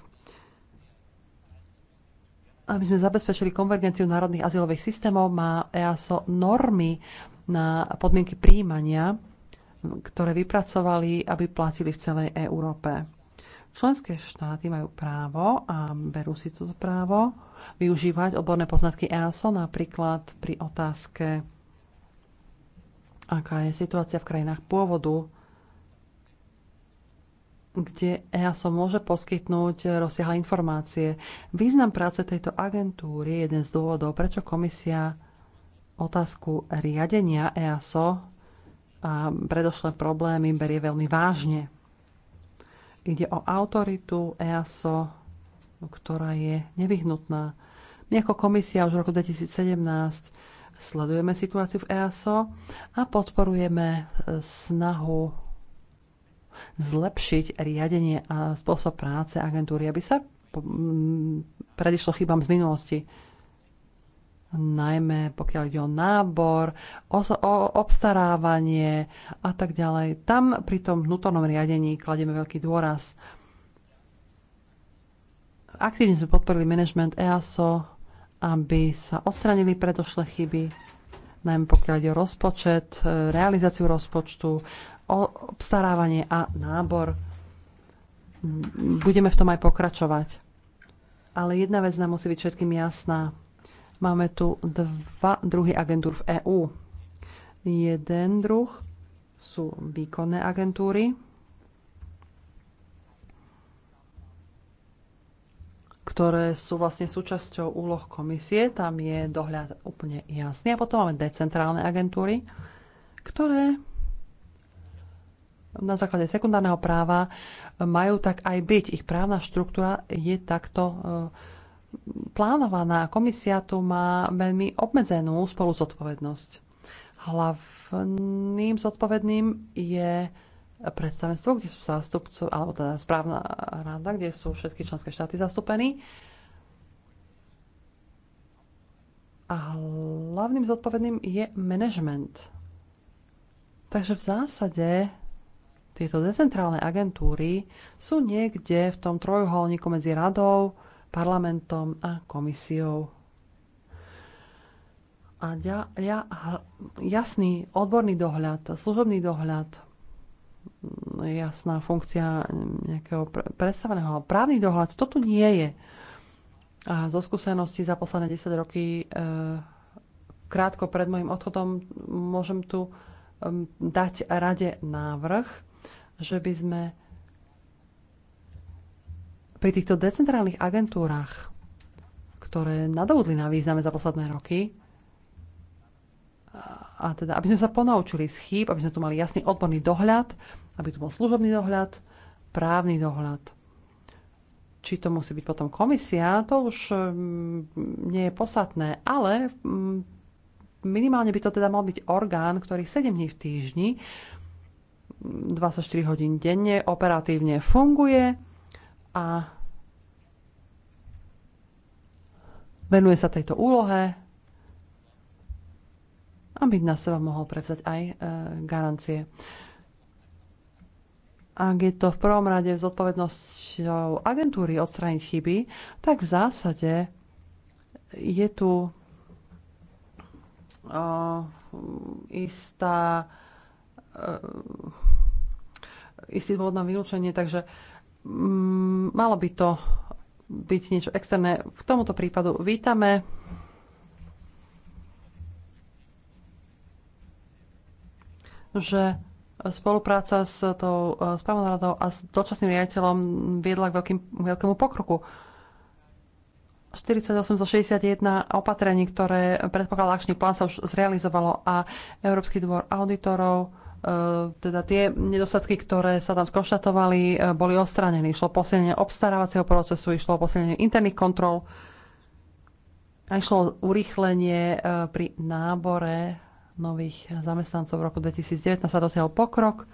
Speaker 4: aby sme zabezpečili konvergenciu národných azylových systémov, má EASO normy na podmienky príjmania, ktoré vypracovali, aby platili v celej Európe. Členské štáty majú právo a berú si toto právo využívať odborné poznatky EASO napríklad pri otázke aká je situácia v krajinách pôvodu, kde EASO môže poskytnúť rozsiahle informácie. Význam práce tejto agentúry je jeden z dôvodov, prečo komisia otázku riadenia EASO a predošlé problémy berie veľmi vážne. Ide o autoritu EASO, ktorá je nevyhnutná. My ako komisia už v roku 2017 sledujeme situáciu v EASO a podporujeme e, snahu zlepšiť riadenie a spôsob práce agentúry, aby sa predišlo chybám z minulosti najmä pokiaľ ide o nábor, o, obstarávanie a tak ďalej. Tam pri tom vnútornom riadení kladieme veľký dôraz. Aktívne sme podporili management EASO aby sa odstranili predošlé chyby, najmä pokiaľ ide o rozpočet, e, realizáciu rozpočtu, obstarávanie a nábor. Mm, budeme v tom aj pokračovať. Ale jedna vec nám musí byť všetkým jasná. Máme tu dva druhy agentúr v EÚ. Jeden druh sú výkonné agentúry, ktoré sú vlastne súčasťou úloh komisie. Tam je dohľad úplne jasný. A potom máme decentrálne agentúry, ktoré na základe sekundárneho práva majú tak aj byť. Ich právna štruktúra je takto e, plánovaná. Komisia tu má veľmi obmedzenú spoluzodpovednosť. Hlavným zodpovedným je predstavenstvo, kde sú zástupcov, alebo teda správna rada, kde sú všetky členské štáty zastúpení. A hlavným zodpovedným je management. Takže v zásade tieto decentrálne agentúry sú niekde v tom trojuholníku medzi radou, parlamentom a komisiou. A ja, ja, jasný odborný dohľad, služobný dohľad, jasná funkcia nejakého predstaveného, ale právny dohľad, to tu nie je. A zo skúseností za posledné 10 roky, e, krátko pred môjim odchodom, môžem tu dať rade návrh, že by sme pri týchto decentrálnych agentúrach, ktoré nadobudli na význame za posledné roky, a teda, aby sme sa ponaučili z chýb, aby sme tu mali jasný odborný dohľad, aby tu bol služobný dohľad, právny dohľad. Či to musí byť potom komisia, to už mm, nie je posadné, ale mm, minimálne by to teda mal byť orgán, ktorý 7 dní v týždni, 24 hodín denne operatívne funguje a venuje sa tejto úlohe aby na seba mohol prevzať aj e, garancie. Ak je to v prvom rade zodpovednosťou agentúry odstrániť chyby, tak v zásade je tu e, istá e, istý dôvod na vylúčenie, takže mm, malo by to byť niečo externé. V tomuto prípadu vítame že spolupráca s tou e, správnou radou a s dočasným riaditeľom viedla k veľkým, veľkému pokroku. 48 zo 61 opatrení, ktoré predpokladal akčný plán, sa už zrealizovalo a Európsky dvor auditorov e, teda tie nedostatky, ktoré sa tam skonštatovali, e, boli odstranené. Išlo posilnenie obstarávacieho procesu, išlo posilnenie interných kontrol a išlo urýchlenie pri nábore nových zamestnancov v roku 2019 sa dosiahol pokrok.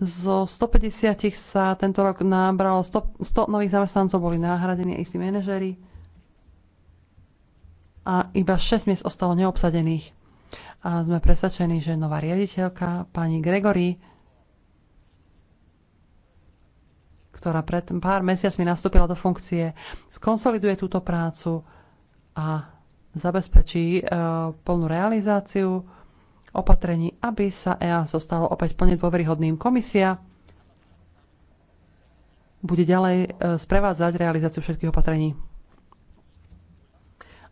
Speaker 4: Zo 150 sa tento rok nábralo 100, 100 nových zamestnancov, boli nahradení istí manažery a iba 6 miest ostalo neobsadených. A sme presvedčení, že nová riaditeľka, pani Gregory, ktorá pred pár mesiacmi nastúpila do funkcie, skonsoliduje túto prácu a zabezpečí e, plnú realizáciu opatrení, aby sa EASO stalo opäť plne dôveryhodným. Komisia bude ďalej e, sprevádzať realizáciu všetkých opatrení.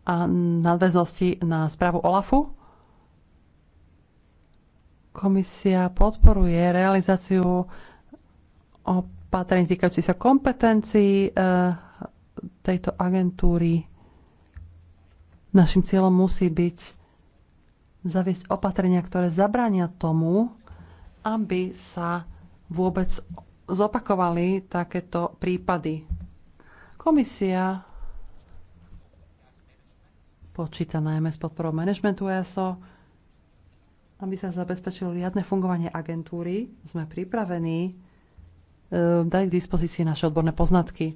Speaker 4: A nadväznosti na správu OLAFu. Komisia podporuje realizáciu opatrení týkajúci sa kompetencií e, tejto agentúry Našim cieľom musí byť zaviesť opatrenia, ktoré zabránia tomu, aby sa vôbec zopakovali takéto prípady. Komisia počíta najmä s podporou manažmentu ESO, aby sa zabezpečilo riadne fungovanie agentúry. Sme pripravení e, dať k dispozícii naše odborné poznatky.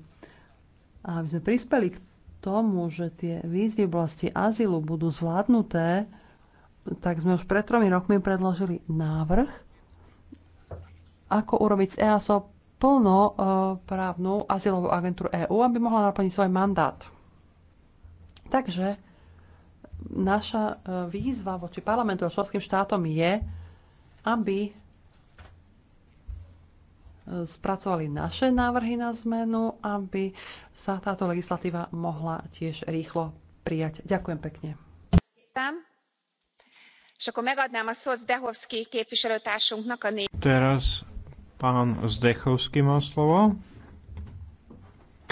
Speaker 4: A aby sme prispeli k tomu, že tie výzvy v oblasti azylu budú zvládnuté, tak sme už pred tromi rokmi predložili návrh, ako urobiť z EASO plnoprávnu e, azylovú agentúru EÚ, aby mohla naplniť svoj mandát. Takže naša e, výzva voči parlamentu a členským štátom je, aby spracovali naše návrhy na zmenu, aby sa táto legislatíva mohla tiež rýchlo prijať. Ďakujem
Speaker 1: pekne. Teraz pán Zdechovský má slovo.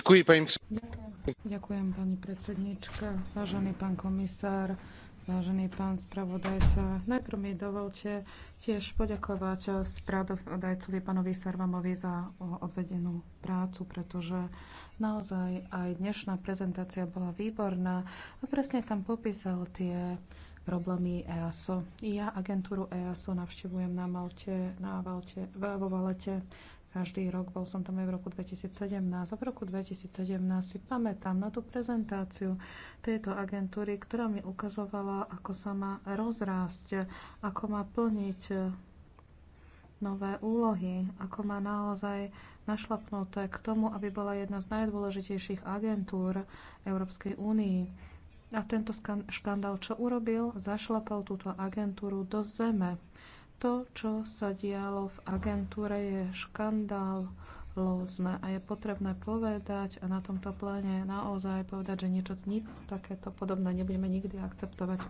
Speaker 1: Ďakujem,
Speaker 3: pani predsednička, vážený pán
Speaker 2: komisár. Vážený pán spravodajca, najprv mi dovolte tiež poďakovať spravodajcovi pánovi servamovi za odvedenú prácu, pretože naozaj aj dnešná prezentácia bola výborná a presne tam popísal tie problémy EASO. Ja agentúru EASO navštevujem na Malte, na Valte, vo Valete každý rok, bol som tam aj v roku 2017 a v roku 2017 si pamätám na tú prezentáciu tejto agentúry, ktorá mi ukazovala, ako sa má rozrásť, ako má plniť e, nové úlohy, ako má naozaj našlapnuté k tomu, aby bola jedna z najdôležitejších agentúr Európskej únii. A tento škandál, čo urobil, zašlapal túto agentúru do zeme to, čo sa dialo v agentúre, je škandálózne a je potrebné povedať a na tomto pléne naozaj povedať, že niečo takéto podobné nebudeme nikdy akceptovať.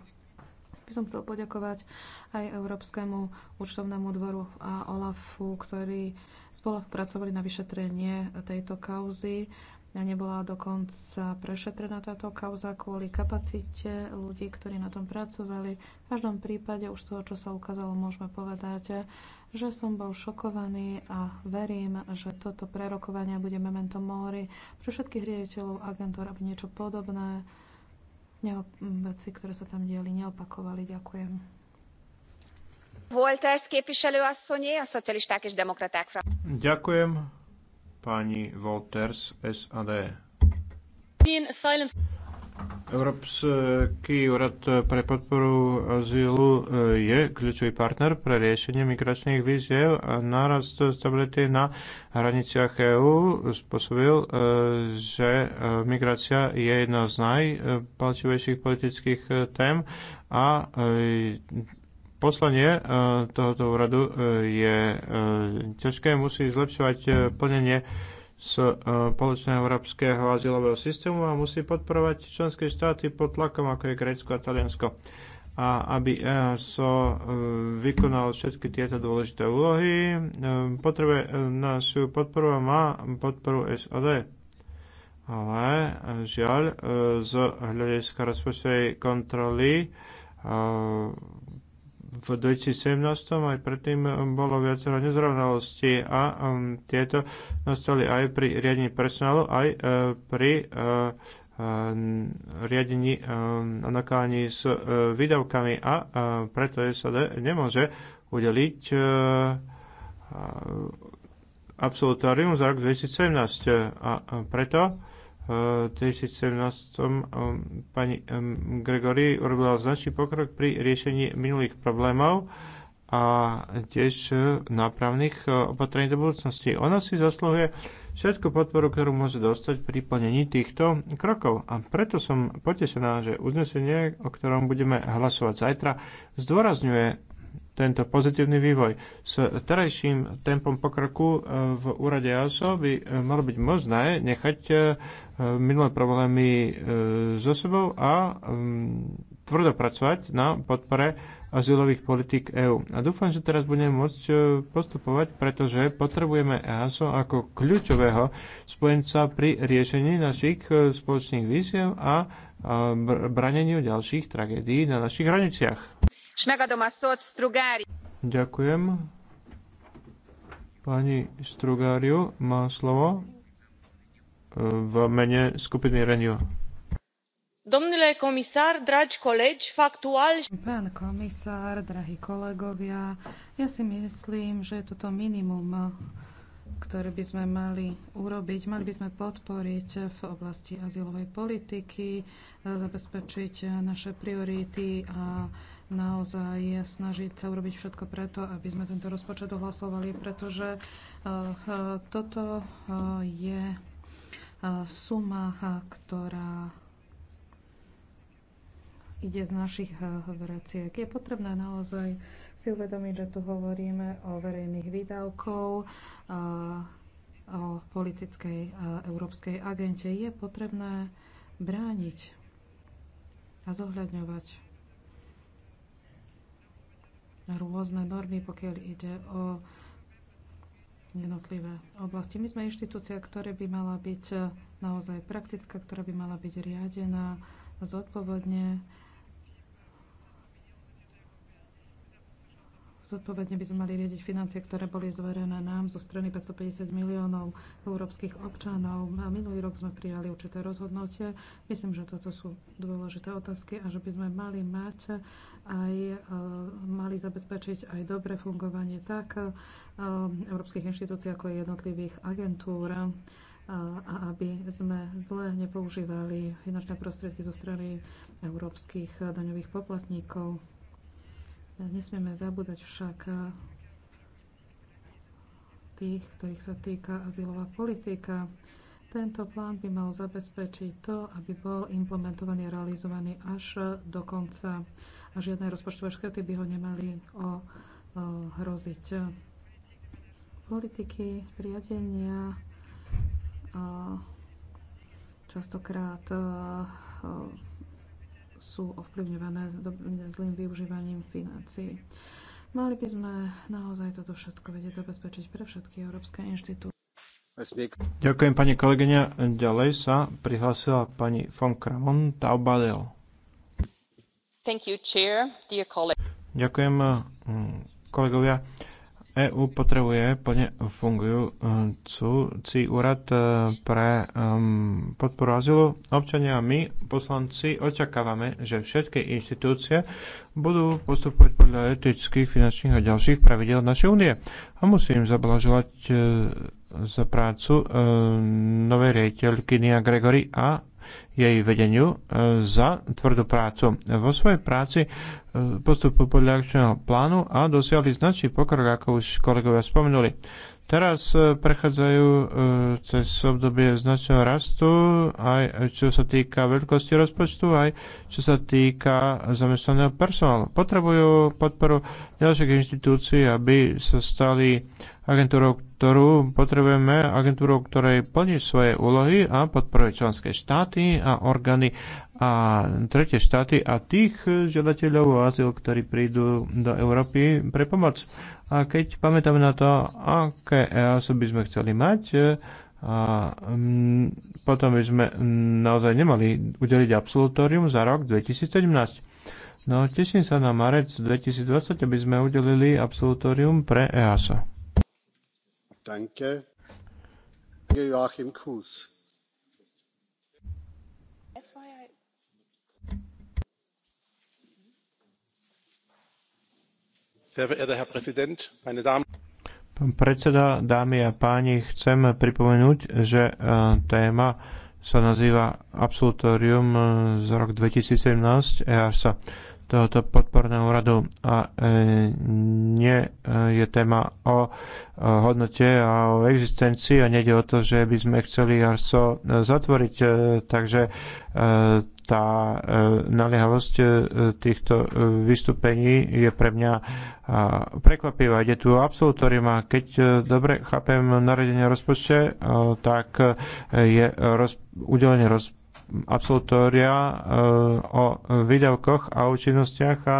Speaker 2: By som chcel poďakovať aj Európskemu účtovnému dvoru a OLAFu, ktorí spolupracovali na vyšetrenie tejto kauzy nebola dokonca prešetrená táto kauza kvôli kapacite ľudí, ktorí na tom pracovali. V každom prípade už toho, čo sa ukázalo, môžeme povedať, že som bol šokovaný a verím, že toto prerokovanie bude memento mori pre všetkých riaditeľov agentúr, aby niečo podobné neop- veci, ktoré sa tam diali, neopakovali. Ďakujem.
Speaker 3: képviselő asszonyé, a szocialisták és demokraták.
Speaker 1: Ďakujem pani Wolters, SAD. Európsky úrad pre podporu azylu eh, je kľúčový partner pre riešenie migračných víziev. a Nárast stability na hraniciach EÚ spôsobil, eh, že eh, migrácia je jedna z najpalčivejších politických tém a Poslanie e, tohoto úradu e, je e, ťažké, musí zlepšovať plnenie spoločného európskeho azylového systému a musí podporovať členské štáty pod tlakom, ako je Grécko a Taliansko. A aby EASO vykonal všetky tieto dôležité úlohy, potrebuje našu podporu a má podporu SAD. Ale žiaľ, z hľadiska rozpočtovej kontroly v 2017 aj predtým bolo viacero nezrovnalostí a um, tieto nastali aj pri riadení personálu, aj eh, pri eh, eh, riadení a nakládaní s výdavkami a preto SAD nemôže udeliť absolutárium za rok 2017 a preto 2017 eh, eh, pani eh, Gregory urobila značný pokrok pri riešení minulých problémov a tiež nápravných opatrení do budúcnosti. Ona si zasluhuje všetku podporu, ktorú môže dostať pri plnení týchto krokov. A preto som potešená, že uznesenie, o ktorom budeme hlasovať zajtra, zdôrazňuje tento pozitívny vývoj. S terajším tempom pokroku e, v úrade ASO by e, malo byť možné nechať e, minulé problémy so sebou a mm, tvrdo pracovať na podpore azylových politík EÚ. A dúfam, že teraz budeme môcť postupovať, pretože potrebujeme EASO ako kľúčového spojenca pri riešení našich spoločných víziev a braneniu ďalších tragédií na našich hraniciach. Ďakujem. Pani Strugáriu má slovo e, v mene skupiny Renew.
Speaker 2: Domnule komisár, dragi colegi, factual... Pán komisár, drahí kolegovia, ja si myslím, že je toto minimum, ktoré by sme mali urobiť. Mali by sme podporiť v oblasti azylovej politiky, zabezpečiť naše priority a naozaj snažiť sa urobiť všetko preto, aby sme tento rozpočet ohlasovali, pretože eh, eh, toto eh, je suma, ktorá ide z našich vreciek. Je potrebné naozaj si uvedomiť, že tu hovoríme o verejných výdavkov, o politickej a európskej agente. Je potrebné brániť a zohľadňovať rôzne normy, pokiaľ ide o jednotlivé oblasti. My sme inštitúcia, ktorá by mala byť eh, naozaj praktická, ktorá by mala byť riadená zodpovedne Zodpovedne by sme mali riadiť financie, ktoré boli zverené nám zo strany 550 miliónov európskych občanov. A minulý rok sme prijali určité rozhodnutie. Myslím, že toto sú dôležité otázky a že by sme mali mať aj, e, mali zabezpečiť aj dobré fungovanie tak e, európskych inštitúcií, ako aj jednotlivých agentúr e, a aby sme zle nepoužívali finančné prostriedky zo strany európskych daňových poplatníkov. Nesmieme zabúdať však eh, tých, ktorých sa týka azylová politika. Tento plán by mal zabezpečiť to, aby bol implementovaný a realizovaný až eh, do konca a žiadne rozpočtové škrty by ho nemali ohroziť. Eh, Politiky priadenia častokrát sú ovplyvňované zlým využívaním financií. Mali by sme naozaj toto všetko vedieť zabezpečiť pre všetky európske inštitúty.
Speaker 1: Ďakujem pani kolegyňa. Ďalej sa prihlásila pani von Kramon Taubadel.
Speaker 3: Thank you, chair, dear
Speaker 1: Ďakujem mm, kolegovia. EÚ potrebuje plne fungujúci úrad e, pre e, podporu azylu. Občania a my, poslanci, očakávame, že všetky inštitúcie budú postupovať podľa etických, finančných a ďalších pravidel našej únie. A musím zablažovať e, za prácu novej rejiteľky Nia Gregory a jej vedeniu e, za tvrdú prácu. Vo svojej práci e, postupu podľa akčného plánu a dosiahli značný pokrok, ako už kolegovia spomenuli. Teraz e, prechádzajú e, cez obdobie značného rastu, aj čo sa týka veľkosti rozpočtu, aj čo sa týka zamestnaného personálu. Potrebujú podporu ďalších inštitúcií, aby sa stali agentúrou, ktorú potrebujeme, agentúrou, ktorej plní svoje úlohy a podporuje členské štáty a orgány a tretie štáty a tých žiadateľov o azyl, ktorí prídu do Európy pre pomoc. A keď pamätáme na to, aké EASO by sme chceli mať, e, a mm, potom by sme naozaj nemali udeliť absolutórium za rok 2017. No teším sa na marec 2020, aby sme udelili absolutórium pre EASO.
Speaker 3: Danke. Joachim Kuss.
Speaker 1: Pán predseda, dámy a páni, chcem pripomenúť, že e, téma sa nazýva Absolutorium e, z rok 2017 EASA tohoto podporného úradu a e, nie e, je téma o, hodnote a o existencii a nejde o to, že by sme chceli ARSO zatvoriť. takže tá e, naliehavosť e, týchto e, vystúpení je pre mňa prekvapivá. Ide tu absolutorium a keď dobre chápem naredenie rozpočte, tak je roz, udelenie rozpočtu absolutória o výdavkoch a účinnostiach a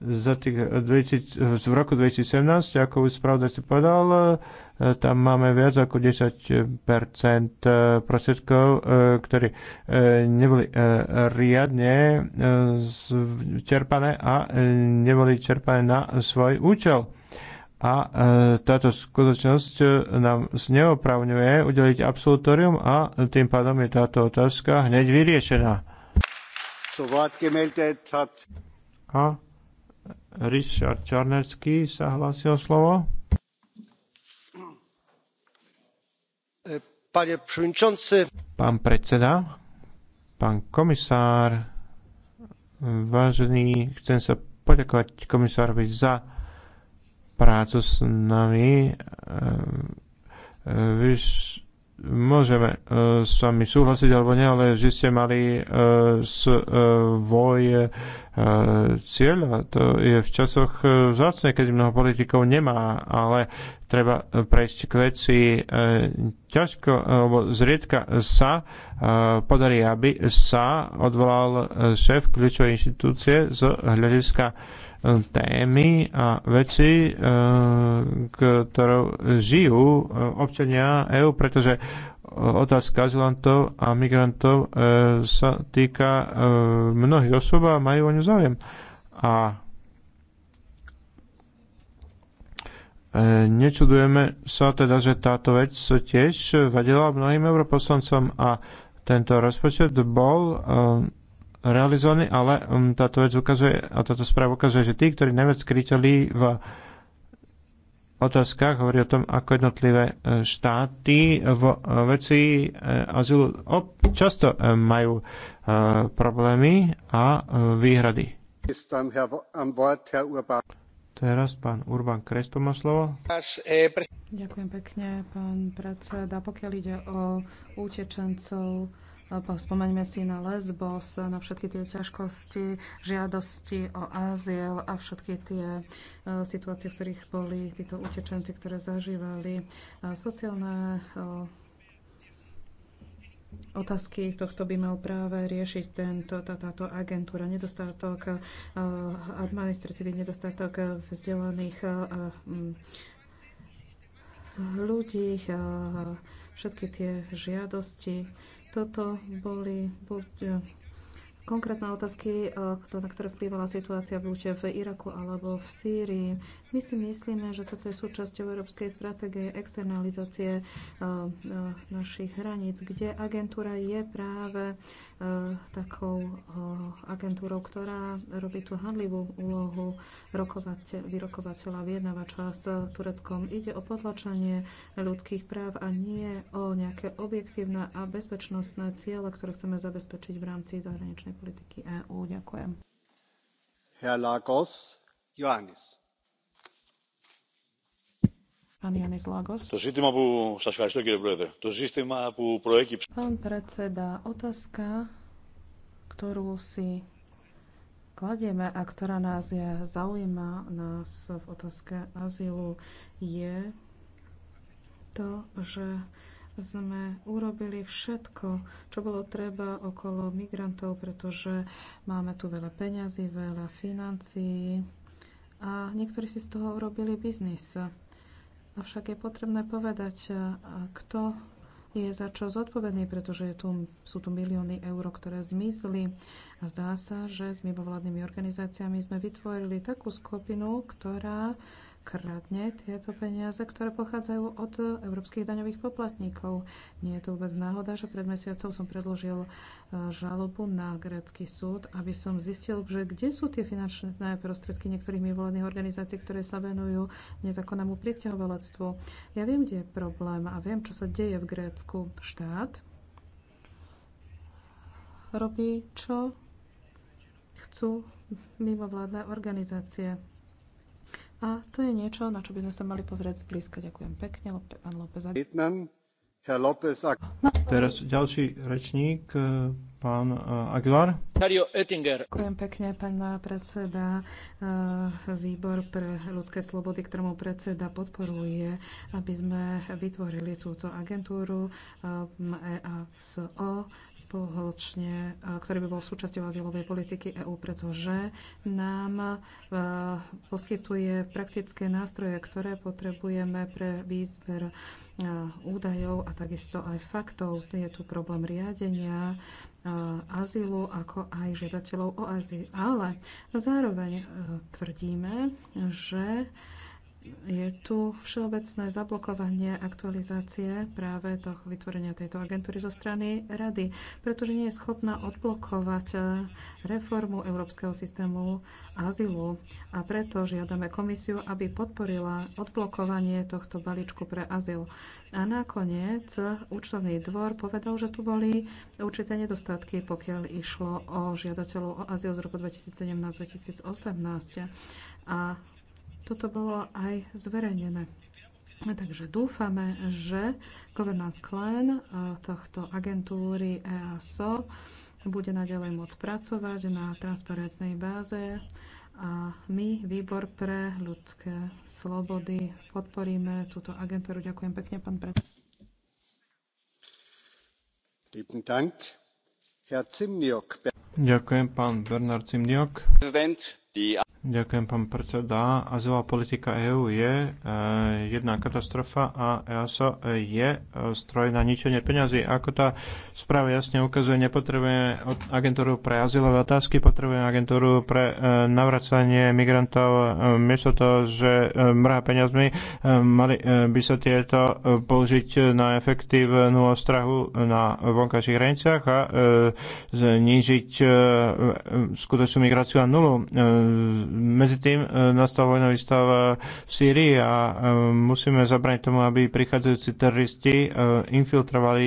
Speaker 1: za tých 20, v roku 2017, ako už spravodaj si povedal, tam máme viac ako 10 e, prostriedkov, e, ktorí e, neboli riadne čerpané a neboli čerpané na svoj účel. A táto skutočnosť nám neopravňuje udeliť absolutorium a tým pádom je táto otázka hneď vyriešená. A Richard Čarnecký sa hlásil slovo.
Speaker 4: Pán
Speaker 1: predseda, pán komisár, vážený, chcem sa poďakovať komisárovi za prácu s nami. Ehm, ehm, môžeme uh, s vami súhlasiť alebo nie, ale že ste mali uh, e, svoj e, uh, cieľ a to je v časoch uh, vzácne, keď mnoho politikov nemá, ale treba prejsť k veci. Uh, ťažko alebo zriedka sa uh, podarí, aby sa odvolal šéf kľúčovej inštitúcie z hľadiska uh, témy a veci, e, ktorou žijú e, občania EÚ, pretože e, otázka azylantov a migrantov sa týka mnohých osob a majú o ňu záujem. A nečudujeme sa teda, že táto vec tiež vadila mnohým europoslancom a tento rozpočet bol realizovaný, ale um, táto vec ukazuje, a táto správa ukazuje, že tí, ktorí najviac kričali v otázkach, hovorí o tom, ako jednotlivé e, štáty v e, veci e, azylu často majú problémy a výhrady. Teraz pán Urban Krespo má slovo.
Speaker 2: Ďakujem pekne, pán predseda. Pokiaľ ide o útečencov. Spomeňme si na Lesbos, na všetky tie ťažkosti, žiadosti o azyl a všetky tie e, situácie, v ktorých boli títo utečenci, ktoré zažívali sociálne e, otázky tohto by mal práve riešiť tento, tá, táto agentúra. Nedostatok e, administratívy, nedostatok vzdelaných ľudí, všetky tie žiadosti toto boli buď e, konkrétne otázky, e, na ktoré vplývala situácia buď v Iraku alebo v Sýrii. My si myslíme, že toto je súčasťou európskej stratégie externalizácie e, našich hraníc, kde agentúra je práve E, takou e, agentúrou, ktorá robí tú handlivú úlohu vyrokovateľa, vyjednavača s Tureckom. Ide o potlačanie ľudských práv a nie o nejaké objektívne a bezpečnostné ciele, ktoré chceme zabezpečiť v rámci zahraničnej politiky EÚ. Ďakujem.
Speaker 4: Herr Lagos, Johannes
Speaker 2: Pán predseda, otázka, ktorú si kladieme a ktorá nás je, zaujíma nás v otázke azylu, je to, že sme urobili všetko, čo bolo treba okolo migrantov, pretože máme tu veľa peňazí, veľa financií a niektorí si z toho urobili biznis. Avšak je potrebné povedať, e, kto je za čo zodpovedný, pretože tu, sú tu milióny eur, ktoré zmizli. A zdá sa, že s mimovládnymi organizáciami sme vytvorili takú skupinu, ktorá kradne tieto peniaze, ktoré pochádzajú od európskych daňových poplatníkov. Nie je to vôbec náhoda, že pred mesiacom som predložil e, žalobu na grécky súd, aby som zistil, že kde sú tie finančné prostriedky niektorých mimovládnych organizácií, ktoré sa venujú nezákonnému pristahovalectvu. Ja viem, kde je problém a viem, čo sa deje v Grécku. Štát robí, čo chcú mimovládne organizácie a to je niečo, na čo by sme sa mali pozrieť zblízka. Ďakujem pekne, pán López.
Speaker 1: Teraz ďalší rečník, pán eh, Aguilar. Ďakujem
Speaker 2: pekne, pán predseda. Eh, výbor pre ľudské slobody, ktorému predseda podporuje, aby sme vytvorili túto agentúru EASO eh, e spoločne, eh, ktorý by bol súčasťou azylovej politiky EÚ, pretože nám poskytuje praktické nástroje, ktoré potrebujeme pre výzber údajov a takisto aj faktov. Je tu problém riadenia azylu, ako aj žiadateľov o azyl. Ale zároveň e, tvrdíme, že je tu všeobecné zablokovanie aktualizácie práve toho vytvorenia tejto agentúry zo strany rady, pretože nie je schopná odblokovať eh, reformu európskeho systému azylu. A preto žiadame komisiu, aby podporila odblokovanie tohto balíčku pre azyl. A nakoniec účtovný dvor povedal, že tu boli určité nedostatky, pokiaľ išlo o žiadateľov o azyl z roku 2017-2018. A toto bolo aj zverejnené. Takže dúfame, že governance clan e, tohto agentúry EASO bude naďalej môcť pracovať na transparentnej báze a my, Výbor pre ľudské slobody, podporíme túto agentúru. Ďakujem pekne, pán predseda.
Speaker 1: Ďakujem, pán Bernard Cimniok. Ďakujem, pán predseda. Azylová politika EÚ je e, jedna katastrofa a EASO je e, stroj na ničenie peňazí. Ako tá správa jasne ukazuje, nepotrebujeme agentúru pre azylové otázky, potrebujeme agentúru pre e, navracanie migrantov. E, miesto toho, že e, mrha peňazmi, e, mali e, by sa tieto e, použiť na efektívnu ostrahu na vonkajších hraniciach a e, znížiť e, e, skutočnú migráciu na nulu. E, medzi tým e, nastal vojnový stav e, v Sýrii a e, musíme zabrať tomu, aby prichádzajúci teroristi infiltrovali